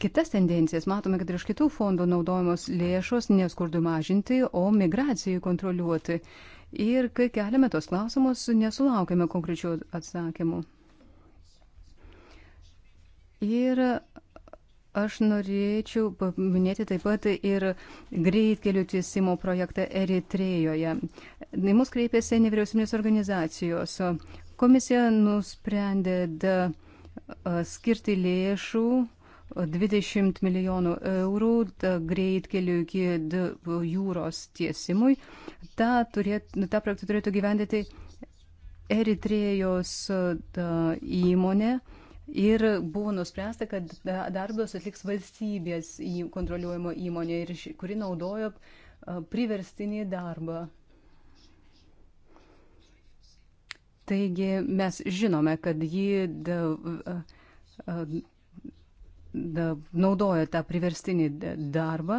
kitas tendencijas. Matome, kad ir iš kitų fondų naudojamos lėšos neskurdų mažinti, o migracijai kontroliuoti. Ir kai keliame tos klausimus, nesulaukime konkrečių atsakymų. Ir aš norėčiau paminėti taip pat ir greitkelių tiesimo projektą Eritrejoje. Į mus kreipėsi nevyriausybinės organizacijos, Komisija nusprendė skirti lėšų 20 milijonų eurų greitkeliu iki jūros tiesimui. Ta, turėt, ta projektą turėtų gyvendyti Eritrėjos įmonė. Ir buvo nuspręsta, kad darbus atliks valstybės kontroliuojamo įmonė, kuri naudojo priverstinį darbą. Taigi mes žinome, kad ji da, da, naudoja tą priverstinį darbą,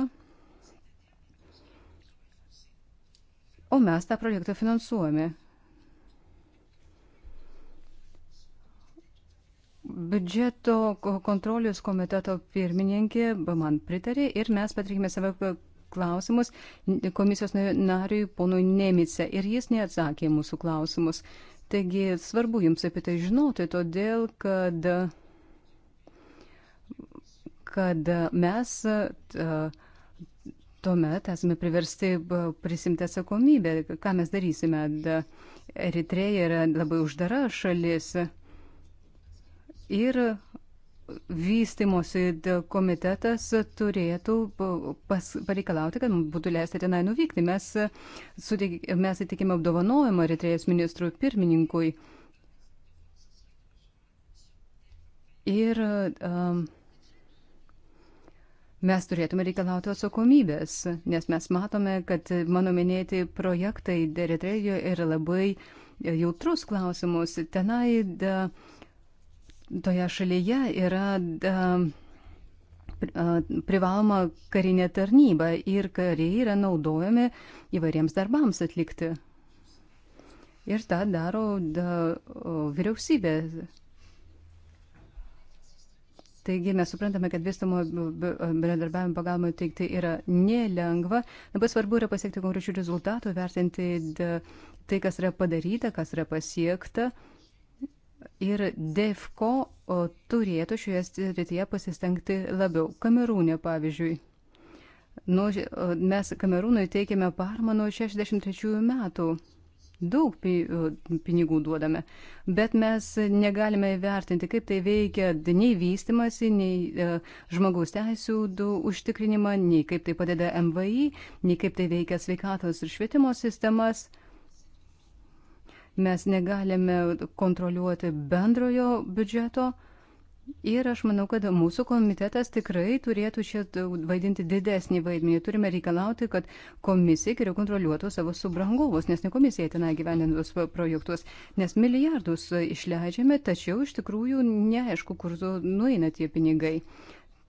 o mes tą projektą finansuojame. Biudžeto kontrolės komiteto pirmininkė man pritarė ir mes patrykime savo klausimus komisijos nariui ponui Nemice ir jis neatsakė mūsų klausimus. Uh, Taigi svarbu jums apie tai žinoti, todėl kad, kad mes tuomet esame priversti prisimti atsakomybę, ką mes darysime. Eritreja yra labai uždara šalis ir vystimosi komitetas turėtų pas, pareikalauti, kad būtų leista tenai nuvykti. Mes, e, suteik, mes įtikime apdovanojimą Eritrėjos ministrui pirmininkui. Ir um, mes turėtume reikalauti atsakomybės, nes mes matome, kad mano minėti projektai Eritrėjoje yra labai jautrus klausimus. Tenai da, uh, toje šalyje yra privaloma karinė tarnyba ir kariai yra naudojami įvairiems darbams atlikti. Ir tą daro da, vyriausybė. Taigi mes suprantame, kad vystamo bendradarbiavimo pagalbą teikti yra nelengva. Labai svarbu yra pasiekti konkrečių rezultatų, vertinti da, tai, kas yra padaryta, kas yra pasiekta. Uh, ir DEFCO turėtų šioje srityje pasistengti labiau. Kamerūne, pavyzdžiui. Nu, mes Kamerūnui teikiame paramą nuo 63 metų. Daug pinigų duodame, bet mes negalime įvertinti, kaip tai veikia nei vystimasi, nei e, žmogaus teisų užtikrinimą, nei kaip tai padeda MVI, nei kaip tai veikia sveikatos ir švietimo sistemas. Uh, Mes negalime kontroliuoti bendrojo biudžeto. Ir aš manau, kad mūsų komitetas tikrai turėtų čia vaidinti didesnį vaidmenį. Turime reikalauti, kad komisija geriau kontroliuotų savo subrangovus, nes ne komisija tenai gyvenintus projektus, nes milijardus išleidžiame, tačiau iš tikrųjų neaišku, kur nueina tie pinigai.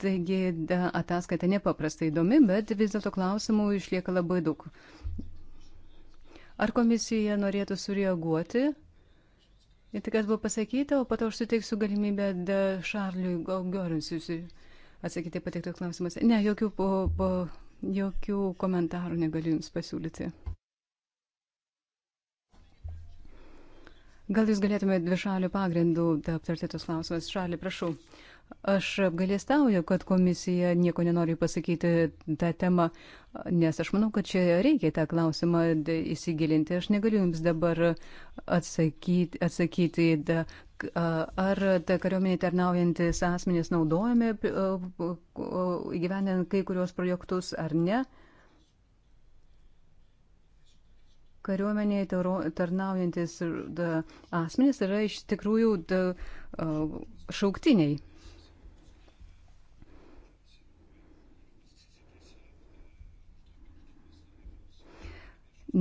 Taigi da, ataskaita nepaprastai įdomi, bet vis dėlto klausimų išlieka labai daug. Ar komisija norėtų sureaguoti į tai, kas buvo pasakyta, o pato aš suteiksiu galimybę Šarliui Gorinsiui atsakyti patiktų klausimas. Ne, jokių, po, po, jokių komentarų negaliu Jums pasiūlyti. Gal Jūs galėtumėte dvišalių pagrindų aptarti tos klausimas. Šarliai, prašau. Uh, Aš apgalėstauju, kad komisija nieko nenori pasakyti tą temą, nes aš manau, kad čia reikia tą klausimą įsigilinti. Aš negaliu jums dabar atsakyti, atsakyti ar ta kariuomenė tarnaujantis asmenys naudojami įgyvendinant kai kurios projektus ar ne. Kariuomenėje tarnaujantis asmenys yra iš tikrųjų šauktiniai.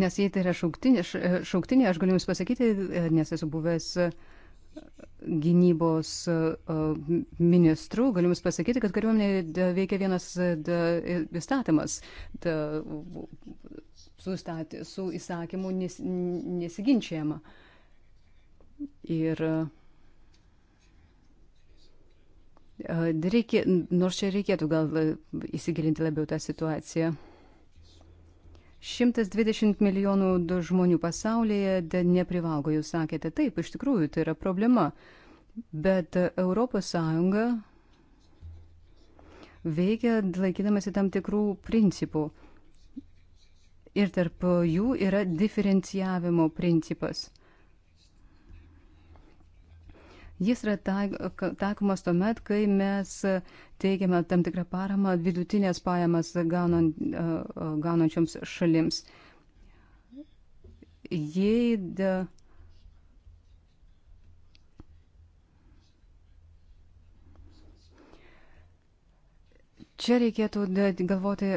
Nes jei tai yra šauktinė, e, šauktinė, aš galiu Jums pasakyti, e, nes esu buvęs e, gynybos ministru, galiu Jums pasakyti, kad kariuomenė veikia vienas įstatymas da, su, statė, su įsakymu nes, nesiginčiama. Ir reikia, nors čia reikėtų gal įsigilinti labiau tą situaciją. 120 milijonų žmonių pasaulyje neprivalgo, jūs sakėte, taip, iš tikrųjų tai yra problema. Bet ES veikia laikydamasi tam tikrų principų. Ir tarp jų yra diferencijavimo principas. Jis yra taikomas tuomet, kai mes teigiame tam tikrą paramą vidutinės pajamas gaunant, gaunančioms šalims. Jei de... Čia reikėtų galvoti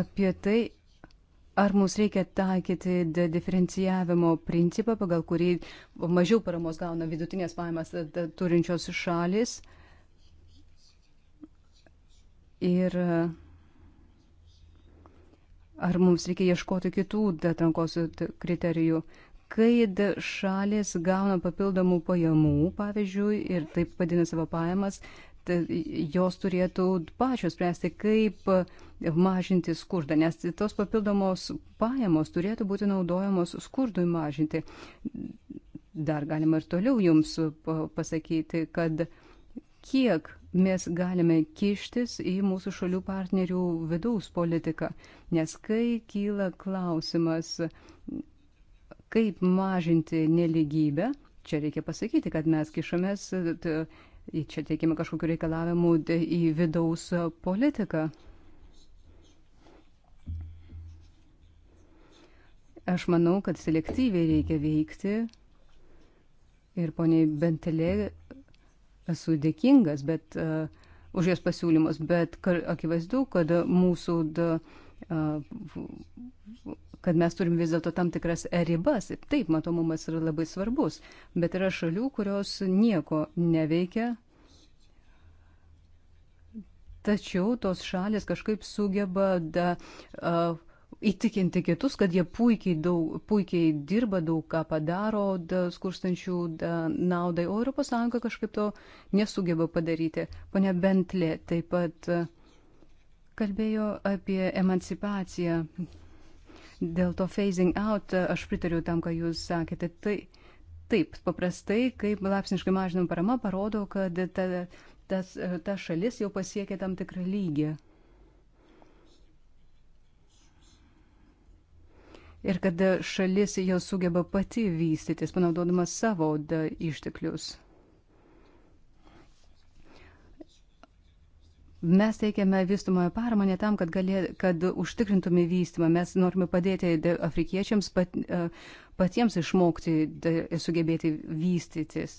apie tai, Ar mums reikia taikyti diferencijavimo principą, pagal kurį mažiau paramos gauna vidutinės pajamas e, turinčios šalis? Ir e, ar mums reikia ieškoti kitų atrankos kriterijų? Kai šalis gauna papildomų pajamų, pavyzdžiui, ir taip padina savo pajamas, tai jos turėtų pačios spręsti, kaip mažinti skurdą, nes tos papildomos pajamos turėtų būti naudojamos skurdui mažinti. Dar galima ir toliau jums pasakyti, kad kiek mes galime kištis į mūsų šalių partnerių vidaus politiką, nes kai kyla klausimas, kaip mažinti neligybę, čia reikia pasakyti, kad mes kišamės Čia teikime kažkokiu reikalavimu į vidaus politiką. Aš manau, kad selektyviai reikia veikti ir poniai Bentelė esu dėkingas bet, uh, už jos pasiūlymus, bet akivaizdu, kad mūsų da, uh, kad mes turim vis dėlto tam tikras ribas. Taip, matomumas yra labai svarbus, bet yra šalių, kurios nieko neveikia, tačiau tos šalis kažkaip sugeba da, uh, įtikinti kitus, kad jie puikiai, daug, puikiai dirba, daug ką padaro da, skurstančių da, naudai, o ES kažkaip to nesugeba padaryti. Pone Bentlė taip pat. Uh, kalbėjo apie emancipaciją. Dėl to phasing out aš pritariu tam, ką jūs sakėte. Tai, taip, paprastai, kaip lapsniškai mažinam parama, parodo, kad ta, tas, ta šalis jau pasiekė tam tikrą lygį. Ir kad šalis jau sugeba pati vystytis, panaudodama savo išteklius. Mes teikiame vystumoje paramą ne tam, kad, galė, kad užtikrintume vystymą. Mes norime padėti afrikiečiams pat, e, patiems išmokti ir sugebėti vystytis.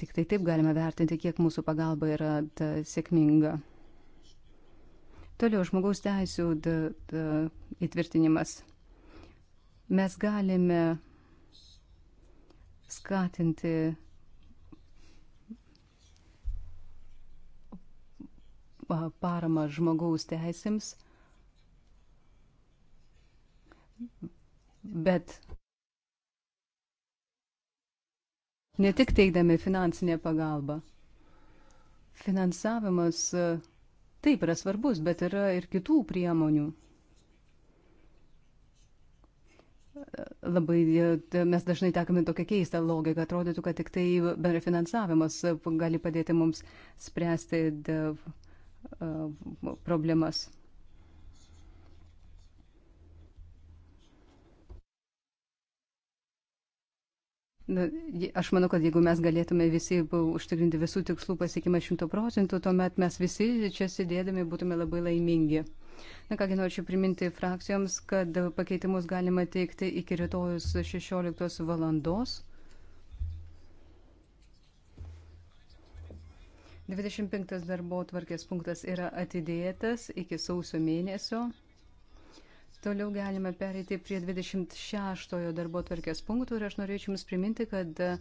Tik tai taip galime vertinti, kiek mūsų pagalba yra ta, sėkminga. Toliau žmogaus teisų da, da, įtvirtinimas. Mes galime skatinti paramą žmogaus teisėms. Bet ne tik teikdami finansinę pagalbą. Finansavimas e, taip yra svarbus, bet yra ir kitų priemonių. Labai e, mes dažnai tekame tokią keistą logiką, atrodytų, kad tik tai bendrafinansavimas e, gali padėti mums spręsti E, problemas. Na, aš manau, kad jeigu mes galėtume visi užtikrinti visų tikslų pasiekimą šimto procentų, tuomet mes visi čia sėdėdami būtume labai laimingi. Na kągi norėčiau priminti frakcijoms, kad pakeitimus galima teikti iki rytojus 16 valandos. 25 darbo tvarkės punktas yra atidėtas iki sausio mėnesio. Toliau galime pereiti prie 26 darbo tvarkės punktų ir aš norėčiau Jums priminti, kad e,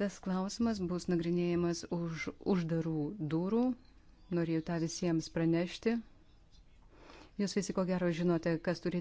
tas klausimas bus nagrinėjamas už uždarų durų. Norėjau tą visiems pranešti. Jūs visi ko gero žinote, kas turi.